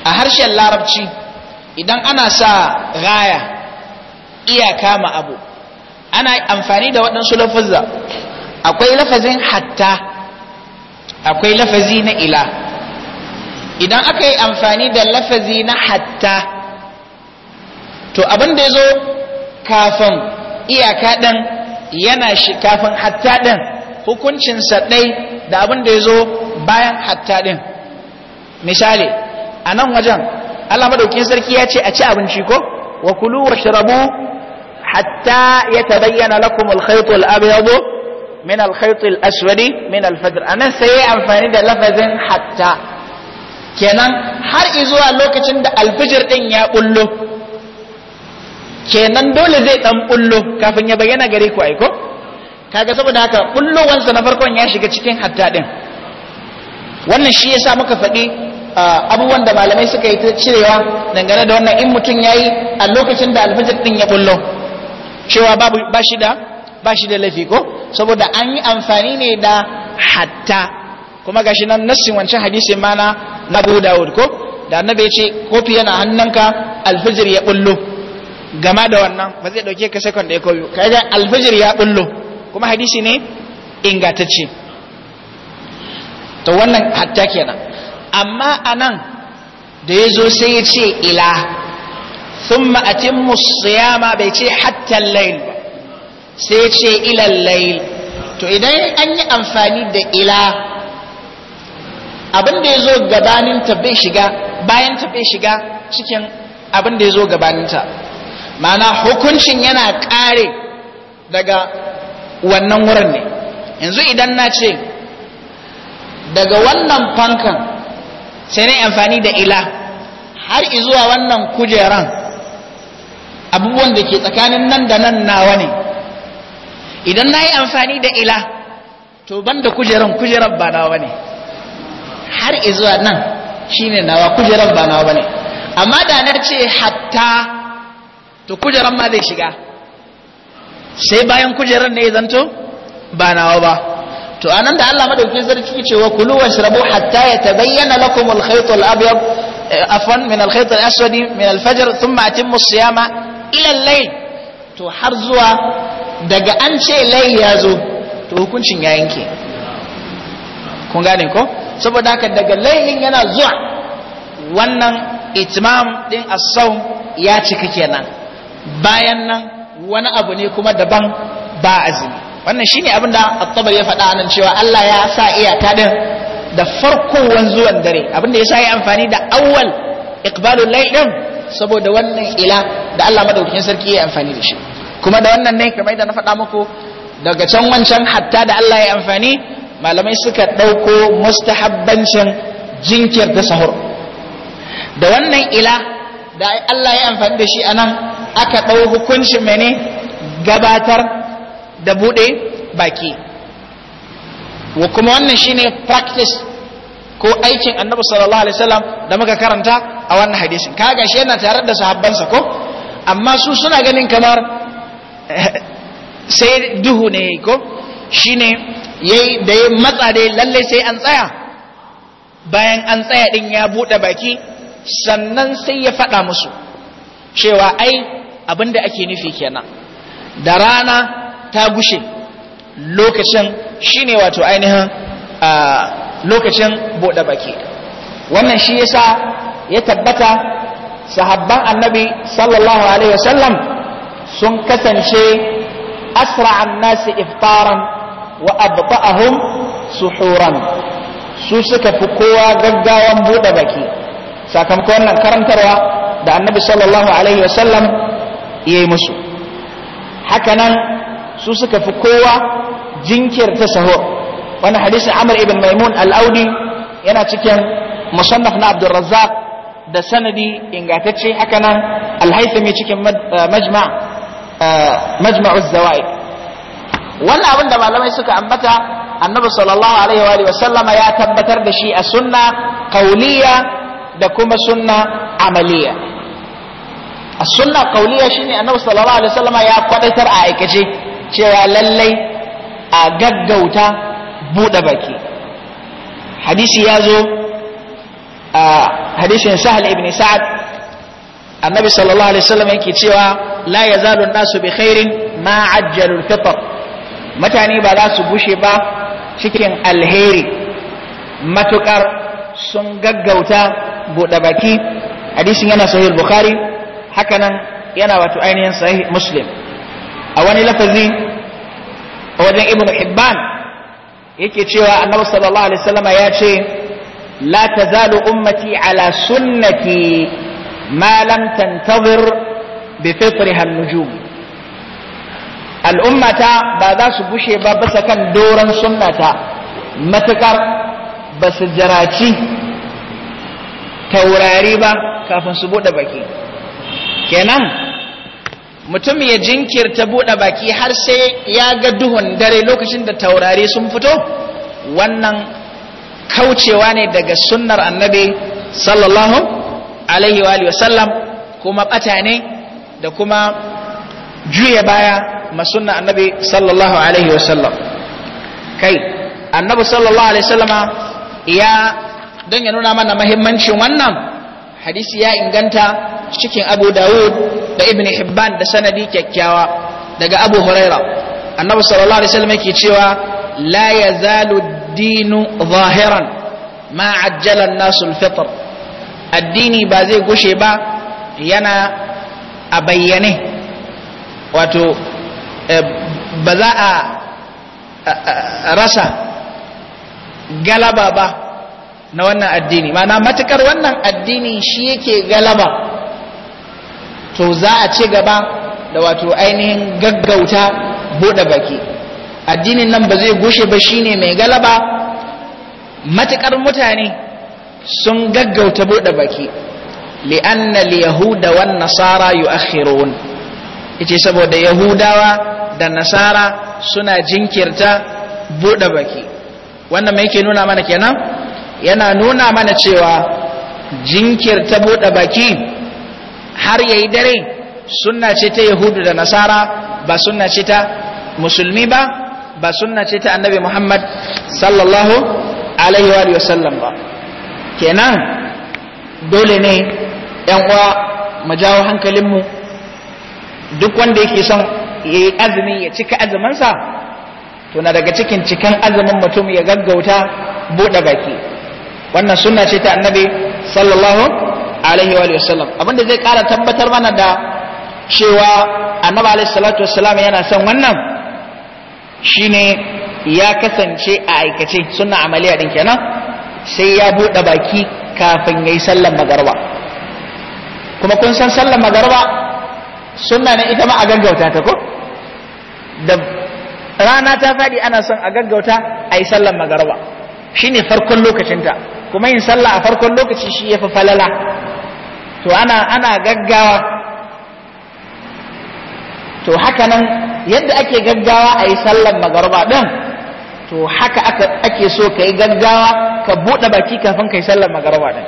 A: a harshen larabci idan ana sa gaya iyaka ma abu ana amfani da waɗansu lafazza akwai lafazin hatta akwai lafazi na ila idan aka yi amfani da lafazi na hatta to abin da ya zo kafin iyaka ɗin yana shi kafin hatta ɗin hukuncinsa ɗai da abin da ya zo bayan hatta ɗin misali a nan wajen allah madaukin sarki ya ce a ci abinci ko wa kulu wa shirabu hatta ya ta bayyana khayt al-abyad min al-khayt al-aswad min al anan sai amfani da lafazin hatta kenan har izuwa lokacin da alfijir ɗin ya bullo kenan dole zai dan bullo kafin ya bayyana gari ku aiko kaga saboda haka bullowansa na farkon ya shiga cikin hatta ɗin. wannan shi yasa muka faɗi abubuwan da malamai suka yi ta cirewa dangane da wannan in mutum ya yi a lokacin da alfajir ɗin ya bullo cewa babu bashi da bashi da laifi ko saboda an yi amfani ne da hatta kuma gashi nan nassin wancan hadisi mana na Abu Dawud ko da annabi ya ce kofi yana hannunka alfijir ya bullo gama da wannan ba zai dauke ka second da koyo kai kaga alfijir ya bullo kuma hadisi ne ingatacce to wannan hatta kenan amma anan da yazo sai ya ce ila thumma atimmu siyama bai ce hatta al-layl ba sai ce ila al-layl to idan an yi amfani da ila abin da yazo gabanin ta bai shiga bayan ta bai shiga cikin abin da yazo gabanin ta ma'ana hukuncin yana kare daga wannan wurin ne yanzu idan na ce daga wannan fankan sai na amfani da ila har izuwa wannan kujeran abubuwan da ke tsakanin nan da nan nawa ne idan na yi amfani da ila to ban da kujeran kujeran ba nawa ne har izuwa nan shine nawa kujeran ba nawa ne amma da na ce hatta to kujeran ma zai shiga sai bayan kujeran ne zanto ba nawa ba to anan da Allah madaukakin sarki ce wa kulu washrabu hatta yatabayyana lakum al-khayt al-abyad eh, afwan min al-khayt al-aswad min al-fajr thumma atimmu as-siyama ilal lai to har zuwa daga an ce lai ya zo to hukuncin ya yanke kun gane ko saboda haka daga laylin yana zuwa wannan itimam din as-sawm ya cika kenan bayan nan wani abu ne kuma daban ba azumi wannan shine abin da at-tabari ya faɗa nan cewa Allah ya sa iyaka din da farkon wanzuwan dare abinda ya sa ya amfani da awwal iqbalul layl din saboda wannan ila da Allah madaukakin sarki ya amfani da shi kuma da wannan ne kamar da na faɗa muku daga can wancan hatta da Allah ya amfani malamai suka ɗauko mustahabbancin da sahur da wannan ila da Allah ya yi amfani da shi anan aka ɗau hukuncin mene gabatar da buɗe baki wa kuma wannan shine practice ko aikin annabi sallallahu alaihi wasallam da muka karanta a wannan hadisin kaga shi yana tare da sahabbansa ko amma su suna ganin kamar eh, sai duhu ne ko shine yayi da ya matsa dai lalle sai an tsaya bayan an tsaya din ya bude baki sannan sai ya faɗa musu cewa ai abinda ake nufi kenan da rana ta gushe lokacin shine wato ainihin ah, lokacin buɗe baki
B: wannan shi yasa
A: ya tabbata sahabban annabi sallallahu alaihi wasallam sun kasance asra'an nasi iftaran wa abta'ahum suhuran su suka fi kowa gaggawan buɗe baki sakamakon wannan karantarwa da annabi sallallahu alaihi wasallam ya yi musu nan su suka fi kowa jinkirta sahur wani hadisin amr ibn maimun al yana cikin musannaf na abdul da sanadi ingantacce haka nan al cikin eh, majma eh, majma'uz Wani abin da malamai suka ambata annabi sallallahu alaihi wa sallama ya tabbatar da shi a sunna kauliya da kuma sunna amaliya a sunna qauliya shine annabi sallallahu alaihi wa sallama ya kwadaitar a aikace cewa lallai a gaggauta buɗe baki hadisi ya zo a hadisin sahal ibn sa'ad annabi sallallahu alaihi wasallam yake cewa la yazalu nasu bi khairin ma ajjalul fitr mutane ba za su bushe ba cikin alheri matukar sun gaggauta buɗe baki hadisin yana sahih bukhari hakanan yana wato ainihin sahih muslim a wani lafazi a wajen ibn hibban yake cewa annabi sallallahu alaihi ya ce la tazalu ummati ala sunnati ma lam tantazir bi fitriha an-nujum al'ummata ba za su bushe ba bisa kan doran sunnata matukar ba su jaraci taurari ba kafin su bude baki kenan mutum ya jinkirta buɗe baki har sai ya ga duhun dare lokacin da taurari sun fito wannan kaucewa ne daga sunnar annabi sallallahu alaihi wa sallam kuma ɓata ne da kuma juya baya ma sunnar annabi sallallahu alaihi wa sallam kai annabi sallallahu alaihi wa sallama ya don ya nuna mana mahimmancin wannan hadisi ya inganta cikin abu dawud da ibn hibban da sanadi kyakkyawa daga abu huraira annabi sallallahu alaihi wasallam yake cewa la yazalu dinu zahiran ma ajjala an-nasu al-fitr addini ba zai gushe ba yana a bayyane wato eh, ba za a rasa galaba ba na wannan addini mana matukar wannan addini shi yake galaba to za a ce gaba da wato ainihin gaggauta buɗe baki addinin nan ba zai gushe ba shine mai galaba matukar mutane sun gaggauta bude baki li'anna al-yahuda wan nasara yu'akhirun yace saboda yahudawa da nasara suna jinkirta buɗe baki wannan me yake nuna mana kenan yana nuna mana cewa jinkirta buɗe baki har yayi dare sunna ce ta yahudu da nasara ba sunna ce ta musulmi ba ba sunna ce ta annabi muhammad sallallahu alaihi wa sallam ba kenan dole ne yan uwa mu jawo hankalinmu duk wanda yake son yi azumi ya cika azumansa to na daga cikin cikan azumin mutum ya gaggauta buɗe baki wannan sunna ce ta annabi sallallahu alaihi wa sallam abinda zai kara tabbatar mana da cewa annabi alaihi salatu wassalam yana son wannan shine ya kasance a aikace sunna amaliya din kenan sai ya bude baki kafin yayi sallar magarba kuma kun san sallar magarba sunna ne ita ma a gaggauta ta ko da rana ta faɗi ana son a gaggauta a yi sallar magarba shine farkon lokacinta kuma yin sallah a farkon lokaci shi ya fi falala to ana ana gaggawa to haka nan yadda ake gaggawa a yi sallar magarba ɗin to haka ake so ka yi gaggawa ka buɗe baki kafin ka yi sallar magarba ɗin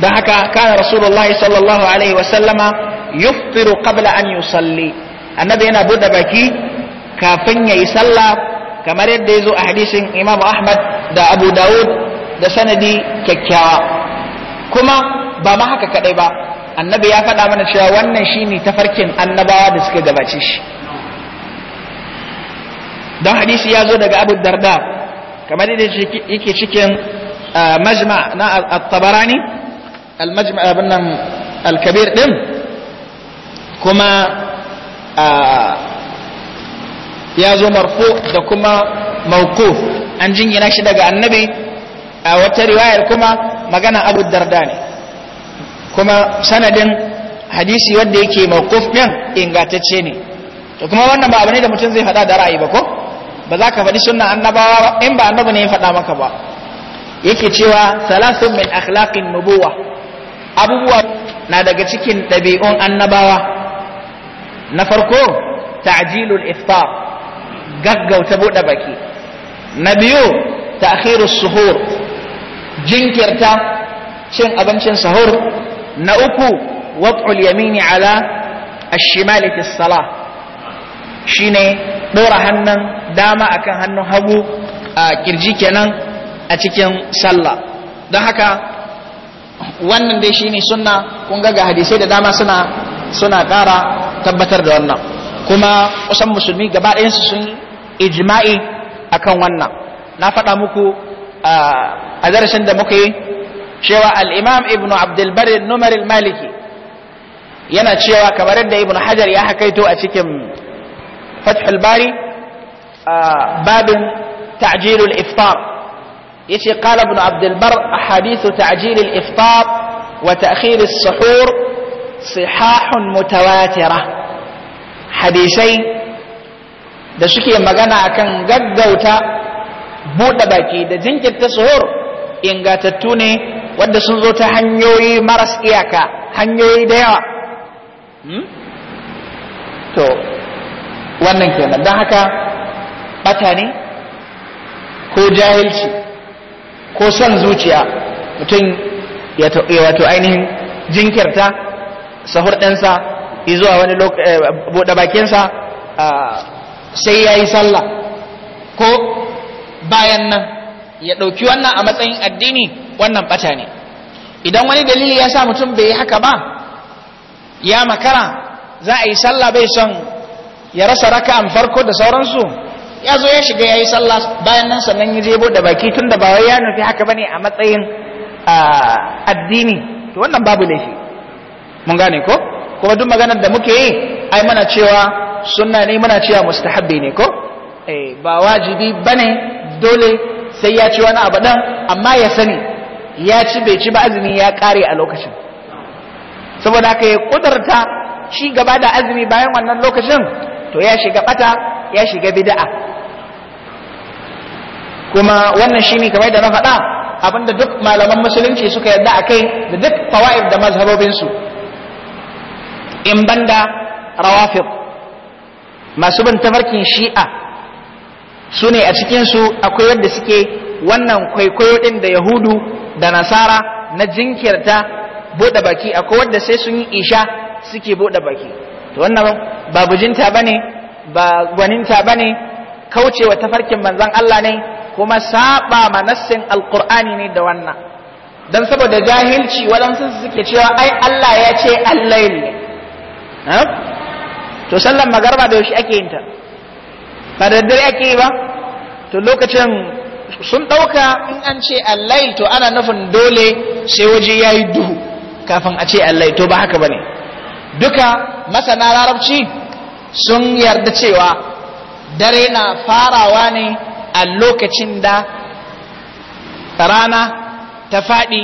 A: don haka kana rasulullahi sallallahu alaihi wasallama yuftiru qabla an yusalli annabi yana buɗe baki kafin ya yi sallah kamar yadda ya zo a hadisin imam ahmad da abu dawud da sanadi kyakkyawa kuma ba ma haka kadai ba annabi ya faɗa mana cewa wannan shine tafarkin annabawa da suka gabace shi don hadisi ya zo daga abu darda kamar da yake cikin majma na al-tabarani al-majma abin nan al-kabir din kuma ya zo marfu da kuma mawquf an jingina shi daga annabi a wata riwayar kuma magana abu darda ne kuma sanadin hadisi wanda yake mawkuf din ingantacce ne to kuma wannan ba abu ne da mutum zai faɗa da ra'ayi ba ko ba za ka faɗi sunna annabawa ba in ba annabi ne ya faɗa maka ba yake cewa salasun min akhlaqin nubuwa abubuwa na daga cikin ɗabi'un annabawa na farko ta'jilul iftar gaggauta buɗe baki na biyu ta'khirus suhur jinkirta cin abincin sahur na uku waqul yamini ala ash-shimali fi salah shine dora hannun dama akan hannun hagu a kirji kenan a cikin sallah don haka wannan dai shine sunna kun ga ga hadisai da dama suna suna ƙara tabbatar da wannan kuma kusan musulmi gaba ɗayansu sun ijma'i akan wannan na faɗa muku a darasin da muka yi cewa al'imam ibn abdulbari numar maliki yana cewa kamar yadda ibn hajar ya hakaito a cikin fathul bari babin ta'jilul iftar ya ce kala ibn abdulbar a hadithu ta'jilul iftar wa ta'khir sahur sihahun mutawatira hadisai da suke magana akan gaggauta buɗe baki da jinkirta suhur ingatattu ne wanda sun zo ta hanyoyi maras iyaka hanyoyi da yawa hmm? to wannan kenan don haka ɓata ne ko jahilci ko son zuciya mutum ya wato ainihin jinkirta sahur ɗinsa zuwa wani eh, buɗe bakinsa ah, sai ya yi sallah ko bayan nan ya ɗauki wannan a matsayin addini wannan bata ne idan wani dalili ya sa mutum bai yi haka ba ya makara za a yi sallah bai son ya rasa raka an farko da sauransu ya zo ya shiga ya yi sallah bayan nan sannan ya jebo da baki tun da ba wai ya nufi haka bane a matsayin addini to wannan babu laifi mun gane ko kuma duk maganar da muke yi ai muna cewa sunna ne muna cewa mustahabbi ne ko eh, ba wajibi bane dole sai ya ci wani abu ɗan amma ya sani ya ci bai ci ba azumi ya ƙare a lokacin saboda haka ya ƙudurta ci gaba da azumi bayan wannan lokacin to ya shiga ɓata ya shiga bida'a kuma wannan shi ne kamar da na faɗa abinda duk malaman musulunci suka yarda a kai da duk fawa'ib da su in banda rawafir masu bin tafarkin shi'a su ne a cikinsu akwai wanda suke wannan kwaikwayo ɗin da yahudu da nasara na jinkirta buɗe baki akwai wanda sai sun yi isha suke buɗe baki to wannan ba bujinta ba ba gwaninta ba ne kaucewa tafarkin manzan Allah ne kuma saba ma nassin alkur'ani ne da wannan don saboda jahilci waɗansu suke cewa ai Allah ya ce allail ne to sallan magarba da yaushe ake yin ta ba da daddare ake ba to lokacin sun ɗauka in an ce allai to ana nufin dole sai waje ya yi duhu kafin a ce allai to ba haka ba ne duka masana larabci sun yarda cewa dare na farawa ne a lokacin da rana ta faɗi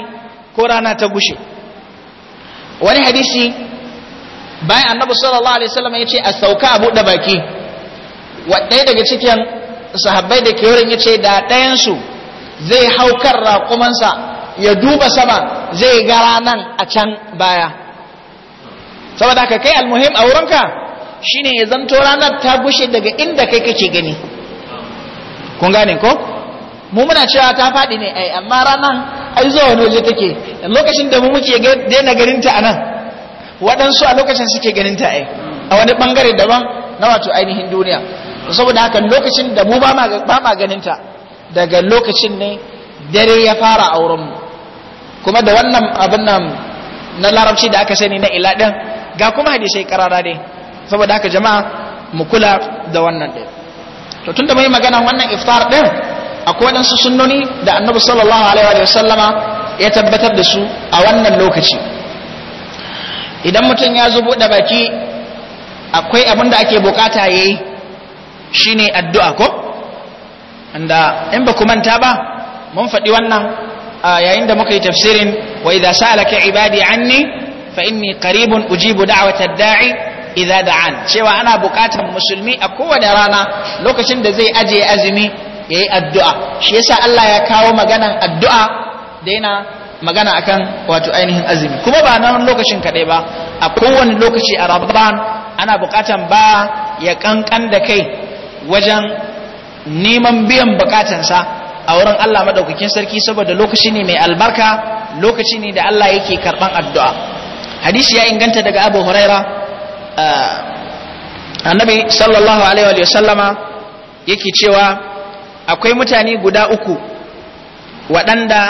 A: ko rana ta gushe wani hadisi bayan annabi sallallahu alaihi wasallam ya ce a sauka a buɗe baki ɗaya daga cikin sahabbai da ke wurin ya ce da ɗayansu zai hau kan raƙumansa ya duba sama zai ga ranan a can baya saboda ka kai almuhim a wurinka shine ya zanto ranar ta gushe daga inda kai kake gani kun gane ko mu muna cewa ta faɗi ne ai amma ranan ai zuwa wani waje take lokacin da mu muke daina ganinta a nan waɗansu a lokacin suke ganin ganinta ai a wani ɓangare daban na wato ainihin duniya saboda haka lokacin da mu ba ma ganinta daga lokacin ne dare ya fara auren mu. kuma da wannan abin nan na larabci da aka sani na iladin ga kuma hadisai karara ne saboda haka jama'a mu kula da wannan ɗin to tunda mai magana wannan iftar ɗin akwai waɗansu sunnoni da annabi sallallahu alaihi wa sallama ya tabbatar da su a wannan lokaci idan mutum ya zubo da baki akwai abin da ake bukata ya yi shine addu'a ko anda in ba ku manta ba mun faɗi wannan yayin da muka yi tafsirin wa idza sa'alaka ibadi anni fa inni qaribun ujibu da'watad da'i idza da'an cewa ana buƙatar musulmi a kowane rana lokacin da zai ajiye azumi yi addu'a shi yasa Allah ya kawo maganan addu'a da yana magana akan wato ainihin azumi kuma ba nan lokacin kaɗai ba a kowane lokaci a Ramadan ana buƙatar ba ya ƙanƙan da kai wajen neman biyan bukatansa a wurin Allah madaukakin sarki saboda lokaci ne mai albarka lokaci ne da Allah yake karban addu'a hadisi ya inganta daga Abu Huraira eh, annabi sallallahu alaihi wa sallama yake cewa akwai mutane guda uku waɗanda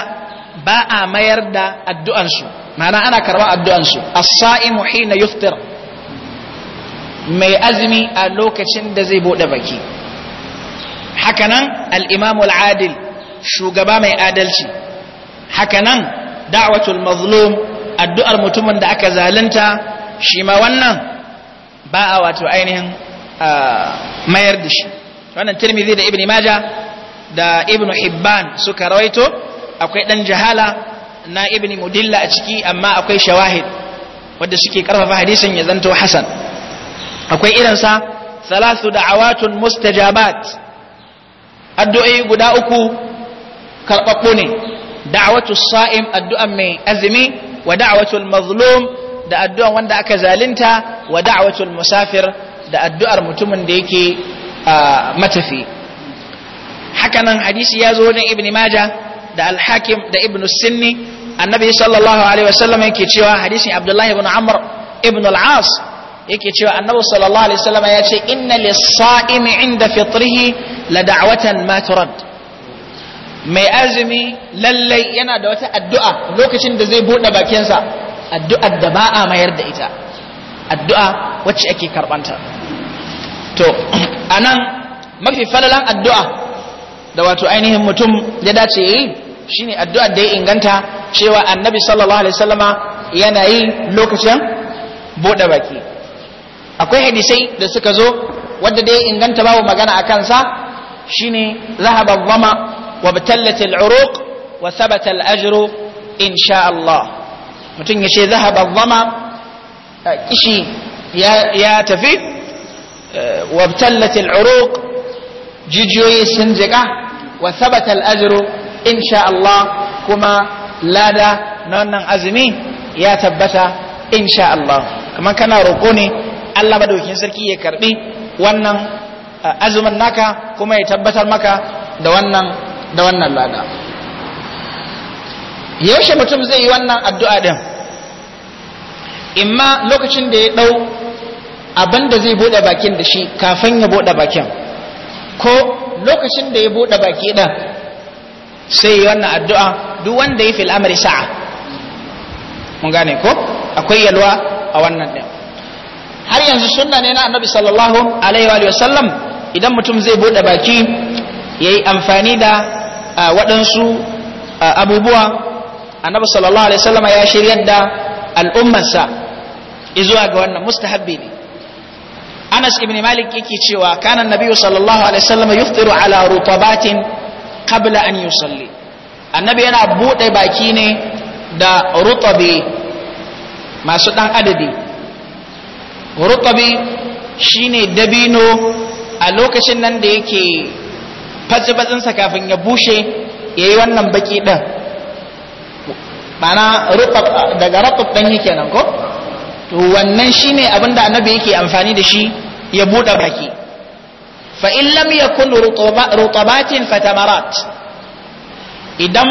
A: ba a mayar da addu'ansu ma'ana ana karɓar addu'ansu as-sa'imu hina yuftir mai azumi a lokacin da zai bude baki hakanan al-imam al-adil shugaba mai adalci hakanan da'watul mazlum addu'ar mutumin da aka zalunta shi ma wannan ba a wato ainihin mayar da shi wannan tirmidhi da ibn majah da ibn hibban suka rawaito akwai dan jahala na ibn mudilla a ciki amma akwai shawahid wanda suke karfafa hadisin ya zanto hasan akwai irinsa salasu da'awatun mustajabat addu'o'i guda uku karɓaɓɓu ne da'awatu sa'im addu'an mai azumi wa da'awatul mazlum da addu'an wanda aka zalinta wa da'awatul musafir da addu'ar mutumin da yake matafi hakanan hadisi ya zo wajen ibn maja da alhakim da ibn sinni annabi sallallahu alaihi wasallam yake cewa hadisin abdullahi ibn amr ibn al-as yake cewa annabi sallallahu alaihi wasallam ya ce inna lis-sa'imi inda fitrihi la da'watan ma turad mai azumi lallai yana da wata addu'a lokacin da zai bude bakinsa addu'ar da ba a mayar da ita addu'a wacce ake karbanta to anan mafi falalan addu'a da wato ainihin mutum ya dace yi shine addu'ar da ya inganta cewa annabi sallallahu alaihi wasallama yana yi lokacin bude baki akwai hadisai da suka zo wadda dai inganta babu magana a kansa shine zahaba dhama wa wa Allah mutum ya ce zahaba dhama kishi ya tafi wa batallat al jijiyoyi sun jika wa ajru insha Allah kuma lada na wannan azumi ya tabbata insha Allah kamar kana roƙo ne Allah madaukin sarki ya karbi wannan uh, azumin naka kuma ya tabbatar maka da wannan da wannan lada yaushe mutum zai yi wannan addu'a din imma lokacin da ya dau abin da zai bude bakin da shi kafin ya bude bakin ko lokacin da ya bude baki din sai yi wannan addu'a duk wanda ya fi al'amari sa'a mun gane ko akwai yalwa a wannan din har yanzu sunna ne na annabi sallallahu alaihi wa sallam idan mutum zai bude baki yayi amfani da waɗansu abubuwa annabi sallallahu alaihi wasallam ya shiryar da al'ummarsa izuwa ga wannan mustahabbi ne Anas ibn Malik yake cewa kana annabi sallallahu alaihi wasallam yuftiru ala rutabatin qabla an yusalli annabi yana bude baki ne da rutabi masu dan adadi rutabi shine dabino a lokacin nan da yake fatsi sa kafin ya bushe ya yi wannan baki ɗin mana daga rufaf ɗan yake nan ko to wannan shine abinda annabi yake amfani da shi ya buɗe baki fa in lam yakun rutabatin fatamarat idan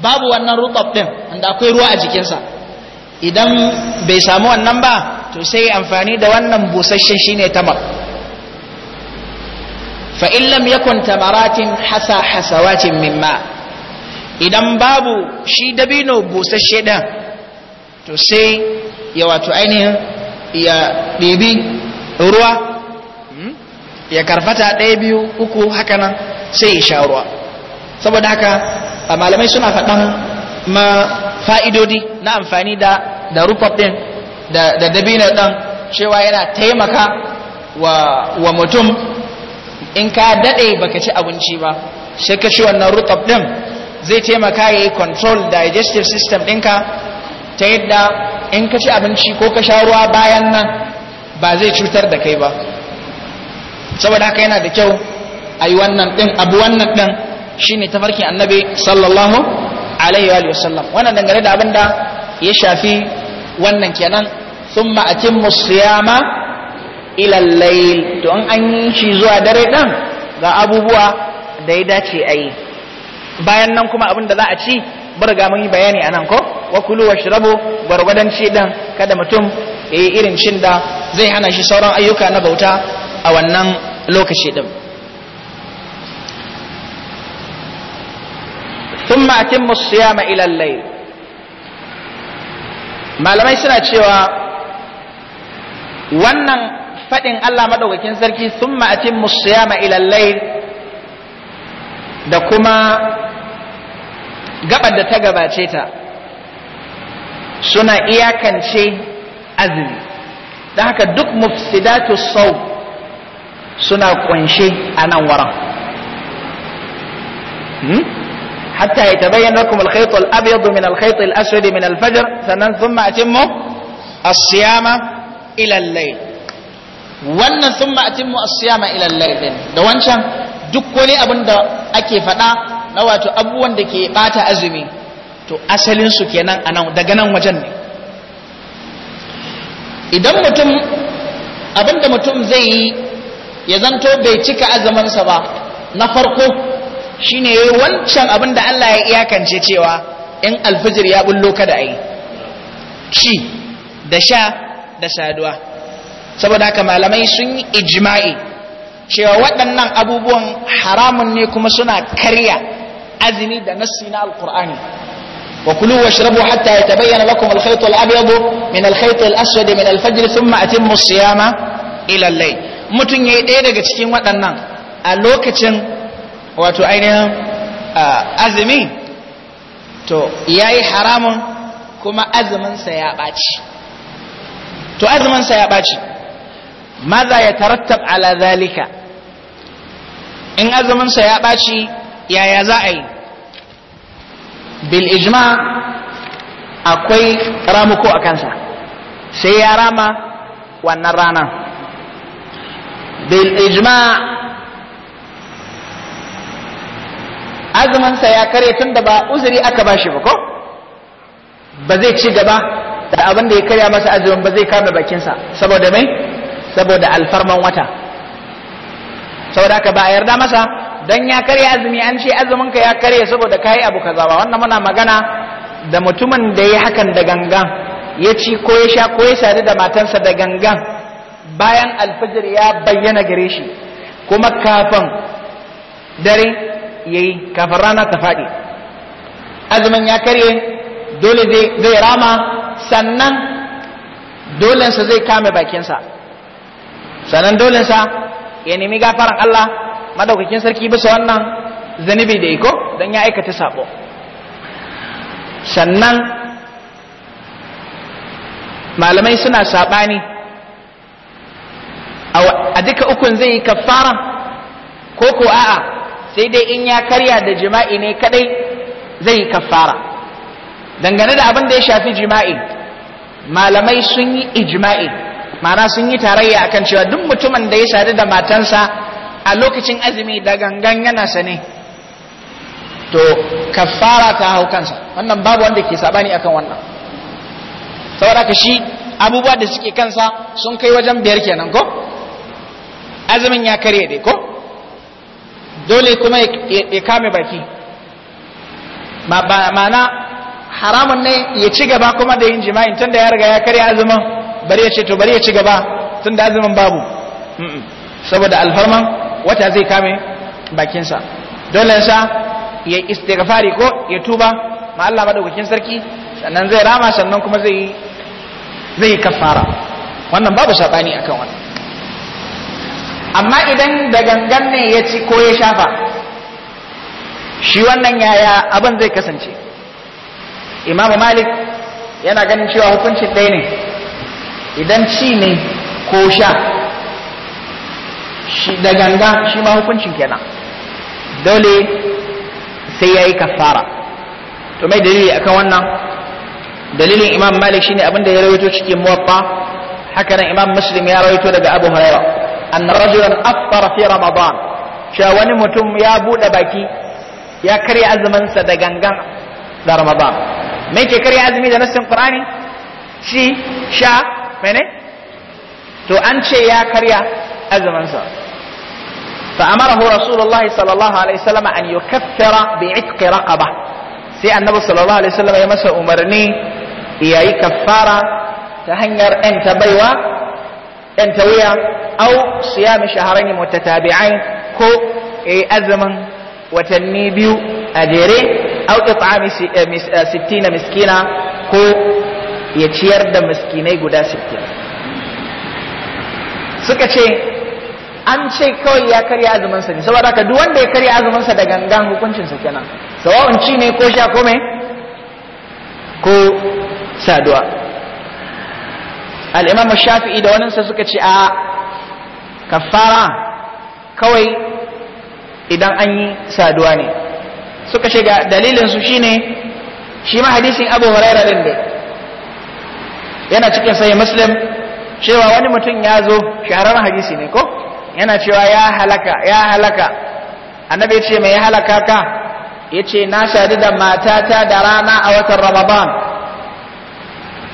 A: babu wannan rutab ɗin akwai ruwa a jikinsa idan bai samu wannan ba to sai amfani da wannan busasshen shine tamar fa in lam yakun tamaratin hasa hasawatin mimma idan babu shi dabino busasshe din to sai ya wato ainihin ya ɗebi ruwa hmm, ya karfata ɗaya biyu uku haka nan sai ya sha ruwa saboda haka malamai suna faɗan ma fa'idodi na amfani da da ɗin da dabino ɗan cewa yana taimaka wa mutum in ka daɗe baka ci abinci ba sai ka ci wannan rutab ɗin zai taimaka ya yi control digestive system ɗinka ta yadda in ka ci abinci ko ka sha ruwa bayan nan ba zai cutar da kai ba saboda haka yana da kyau ayi wannan ɗin abu wannan ɗin shine ne tafarkin annabi sallallahu alaihi wa sallam wannan dangane da abin da ya shafi wannan kenan sun atimmu siyama ila al-layl to an an shi zuwa dare dan ga abubuwa da ya dace a yi bayan nan kuma abin da za a ci burga mun yi bayani anan ko wa kulu washrabu gwargwadon ci dan kada mutum yayi irin cin da zai hana shi sauran ayyuka na bauta a wannan lokaci din sun atimmu siyama ila al malamai suna cewa wannan faɗin Allah maɗaukakin sarki sun ma'atin musayama ilallai da kuma gabar da ta gabace ta suna iyakance azumi don haka duk mufsidatu sau suna kunshe anan nan waran hmm? hatta yatabayyana lakum al-khayt al-abyad min al-khayt al sannan thumma atimmu as-siyama ila al-layl wannan thumma atimmu as-siyama ila al da wancan duk wani abin da ake faɗa na wato abubuwan da ke bata azumi to asalin su nan daga nan wajen ne idan mutum mutum zai yi ya zanto bai cika azamansa ba na farko shine yayi wancan abin da Allah ya iyakance cewa in alfijir ya bullo kada ayi ci da sha da saduwa saboda haka malamai sun yi ijma'i cewa waɗannan abubuwan haramun ne kuma suna karya azumi da nassi na alkur'ani وكلوا واشربوا حتى يتبين لكم الخيط الأبيض min الخيط الأسود من الفجر siyama ilallai. Mutum mutun yayi daya daga cikin waɗannan a lokacin wato ainihin azumi to ya yi haramun kuma azuminsa ya ɓaci to azuminsa ya ɓaci maza ya tarattab ala zalika in azuminsa ya ɓaci yaya za a yi bil ijma akwai ramuko a kansa sai ya rama wannan ranar bil ijma azuminsa ya kare tun da ba uzuri aka ba shi ba ko ba zai ci gaba da abin da ya karya masa azumin ba zai kame bakinsa saboda mai saboda alfarman wata saboda ka ba a yarda masa dan ya karya azumi an ce azumin ka ya karya saboda kai abu kaza ba wannan muna magana da mutumin da ya hakan da gangan ya ci ko ya sha ko ya sadu da matansa da gangan bayan alfijir ya bayyana gare shi kuma kafin dare ya yi kafin rana ta faɗi azumin ya karye dole zai rama sannan dolensa zai kame bakinsa sannan dolensa ya nemi gafaran Allah madaukakin sarki bisa wannan zanibi da iko don ya aikata sabo sannan malamai suna saɓani a duka ukun zai yi kafara ko ko a'a sai dai in ya karya da jima'i ne kadai zai yi kafara dangane da abin da ya shafi jima'i malamai sun yi ijma'i mara sun yi tarayya akan cewa duk mutumin da ya sadu da matansa a lokacin azumi da gangan yana sane to kafara ta hau kansa wannan babu wanda ke sabani akan wannan saboda ka shi abubuwa da suke kansa sun kai wajen biyar kenan ko azumin ya karye dai ko dole kuma ya kame baki ma'ana haramun ne ya ci gaba kuma da yin jima'in da ya riga ya karya azumin bari ya ce to bari ya ci gaba tun da azumin babu saboda alfarman wata zai kame bakinsa dole sa ya istighfari ko ya tuba ma Allah madaukakin sarki sannan zai rama sannan kuma zai zai kafara wannan babu sabani akan wannan amma idan da gangan ne ya ci ko ya shafa shi wannan yaya abin zai kasance Imam malik yana ganin cewa hukuncin ɗaya ne idan ci ne ko sha shi da ganga shi ma hukuncin kenan dole sai ya yi kafara to mai dalili akan wannan dalilin imam malik shine ne abinda ya rawaito cikin muwaffa haka nan imam muslim ya rawaito daga abu hurairah an rajulan afṭara fi ramadan cewa wani mutum ya bude baki ya karya azumin da gangan da ramadan me ke karya azumi da nasin qur'ani shi sha mene to an ce ya karya azuminsa sa fa amarahu rasulullahi sallallahu alaihi wasallam an yukaffira bi itqi raqaba sai annabi sallallahu alaihi wasallam ya masa umarni yayi kaffara ta hanyar 'yanta baiwa ɗan tawiya au siyami shahararri mutatabi'ain ko yi eh, azumin watanni biyu a jere au it'ami 60 eh, eh, miskina ko ya ciyar da miskinai guda 60 suka ce an ce kawai ya karya azuminsa sa ne saboda haka duk wanda ya karya azuminsa sa da gangan hukuncin kenan sawa'un ci ne ko sha ko ko saduwa al'imam shafi'i da waninsa suka ce a kafara kawai idan an yi saduwa ne suka ce ga dalilinsu shi ne shi ma hadisin abu huraira din da yana cikin sai muslim cewa wani mutum ya zo shahararren hadisi ne ko yana cewa ya halaka ya halaka annabi ce mai halaka ka ya ce na sadu da matata da rana a watan ramadan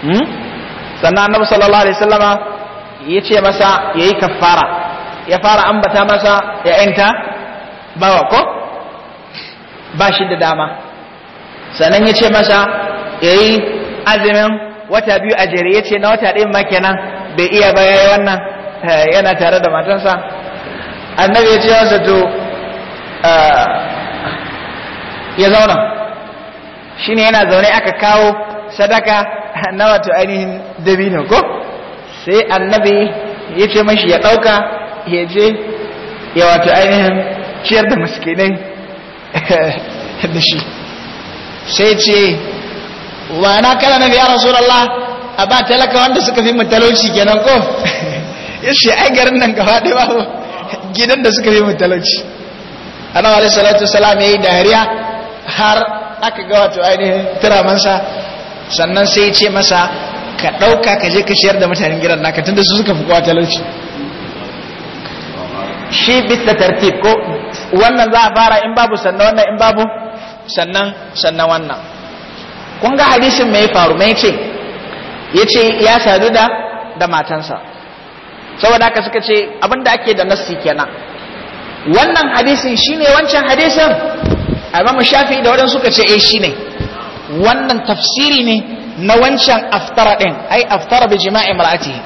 A: hmm? sannan annabi sallallahu alaihi wasallama ya ce masa yayi kaffara ya fara ambata masa ya enta bawa ko ba shi da dama sannan ya ce masa yayi azumin wata biyu a jere ya ce na wata ɗaya ma kenan bai iya ba yayi wannan eh, yana tare da matansa annabi ya ce masa to eh, ya zauna shine yana zaune aka kawo sadaka na wato ainihin dabino ko sai annabi ya ce mashi ya ɗauka ya je ya wato ainihin ciyar da maskinin da shi sai ce wa na kana nabi ya rasulallah a ba talaka wanda suka fi matalauci kenan ko ya ce ai garin nan gaba ɗaya ba gidan da suka fi matalauci annabi alaihi salatu wasalam yayi dariya har aka ga wato ainihin turamansa sannan sai ya ce masa ka ɗauka ka je ka shayar da mutanen gidan naka tunda su suka fi kowa talauci shi bisa tartib ko wannan za a fara in babu sannan wannan in babu sannan sannan wannan kun ga hadisin mai faru mai ce ya ce ya sadu da da matansa saboda haka suka ce abinda ake da nassi kenan wannan hadisin shine wancan hadisin a mamu shafi da wadansu suka ce eh shine wannan tafsiri ne na wancan aftara din ai aftara bi jima'i mar'ati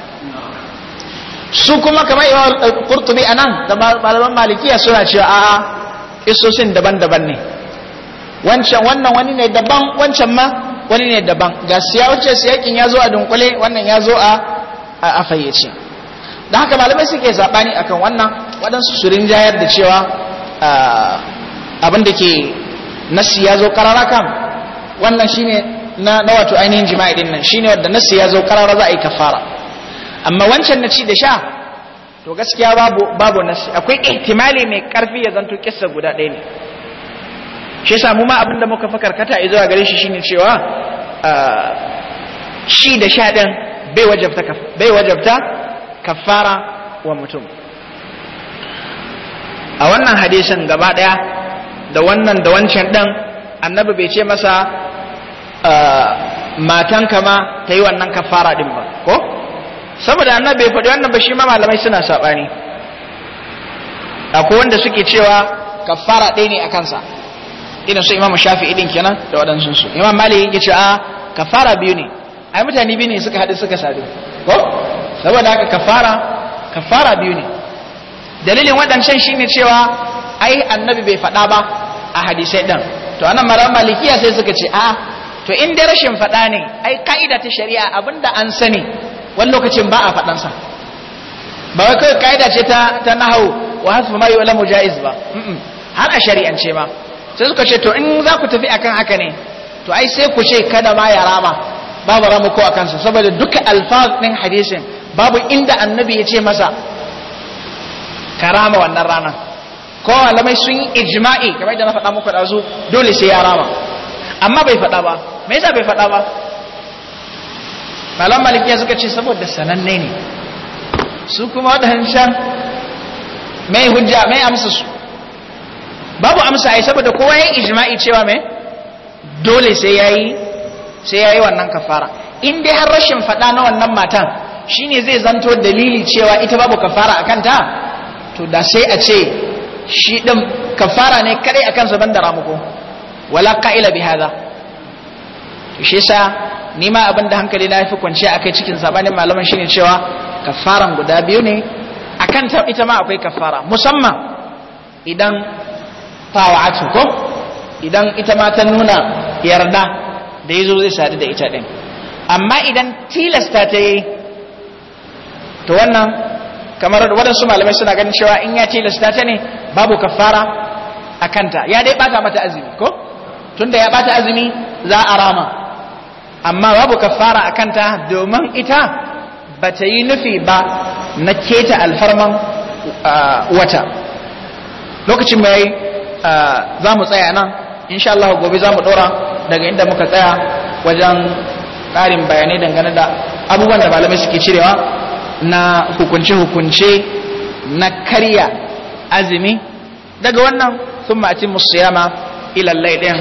A: su kuma kamar imam kurtubi qurtubi anan da malaman malikiya suna cewa a'a isosin daban-daban ne wancan wannan wani ne daban wancan ma wani ne daban ga siya su siyakin ya zo a dunkule wannan ya zo a a fayyace da haka malamai suke zaɓani akan wannan waɗansu su rinjayar da cewa ah, abinda ke nasi ya zo karara kan wannan shine na na wato ainihin jima'i din nan shine wanda nasu ya zo karara za a yi kafara amma wancan na ci da sha to gaskiya babu babu nasi akwai ihtimali mai karfi ya zanto kissa guda ɗaya ne shi yasa mu ma abin da muka kata karkata zuwa gare shi shine cewa shi da sha din bai wajabta bai wajabta kafara wa mutum a wannan hadisin gaba ɗaya da wannan da wancan ɗin annabi bai ce masa ka ma ta yi wannan kafara din ba ko saboda annabi bai faɗi wannan ba shi ma malamai suna saɓani akwai wanda suke cewa kafara ɗaya ne a kansa ina su imam shafi idin kenan da waɗansu su imam mali yake ce a ah, kafara biyu ne ai mutane biyu ne suka haɗu suka sadu ko saboda haka kafara kafara biyu ne dalilin waɗancan shi ne cewa ai annabi bai faɗa ba a hadisai ɗin to anan malamai malikiya sai suka ce a ah, to in dai rashin faɗa ne ai ka'ida ta shari'a abinda an sani wani lokacin ba a faɗansa ba wai kawai ka'ida ce ta ta nahau wa hasu mai wala jaiz ba har a shari'ance ma sai suka ce to in za ku tafi akan haka ne to ai sai ku ce kada ma ya rama babu ramu ko akan su saboda duka alfaz din hadisin babu inda annabi ya ce masa karama wannan rana ko malamai sun yi ijma'i kamar da na faɗa muku ɗazu dole sai ya rama amma bai faɗa ba me yasa bai faɗa ba malam malikiya suka ce saboda sananne ne su kuma waɗancan mai hujja mai amsa su babu amsa ai saboda kowa yin ijma'i cewa mai dole sai yayi sai yayi wannan kafara in dai har rashin faɗa na wannan matan shine zai zanto dalili cewa ita babu kafara akan ta to da sai a ce shi din kafara ne kadai akan sa banda ramuko wala qa'ila bi hada shi yasa ni ma abin da hankali na fi kwanciya akai cikin sabanin malaman shine cewa kafaran guda biyu ne akan ta ita ma akwai kafara musamman idan tawa'atu ko idan ita ma ta nuna yarda da yazo zai sadu da ita din amma idan tilasta ta yi to wannan kamar waɗansu malamai suna ganin cewa in ya tilasta ta ne babu kafara a kanta ya dai bata mata azumi ko tunda ya bata azumi za a rama amma babu kafara a kanta domin ita ba ta yi nufi ba na keta alfarman wata lokacin mai za mu tsaya nan insha Allah gobe za mu ɗora daga inda muka tsaya wajen ƙarin bayanai dangane da abubuwan da malamai suke cirewa na hukunce-hukunce na karya azumi daga wannan sun ma'acin musu yama ilallai ɗin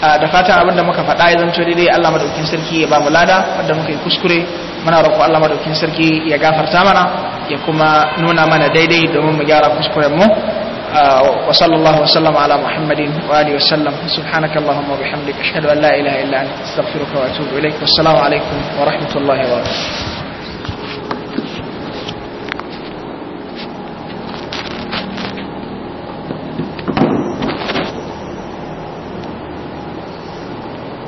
A: Ah, da fatan abinda muka faɗa ya zanto daidai Allah madaukin sarki ya ba mu lada wanda muka yi kuskure muna roƙo Allah madaukin sarki ya gafarta mana ya kuma nuna mana daidai domin mu gyara kuskuren mu ah, wa sallallahu wa sallama ala muhammadin wa alihi wa sallam subhanaka allahumma wa bihamdika ashhadu an la ilaha illa anta astaghfiruka wa atubu ilaik assalamu alaikum wa rahmatullahi wa barakatuh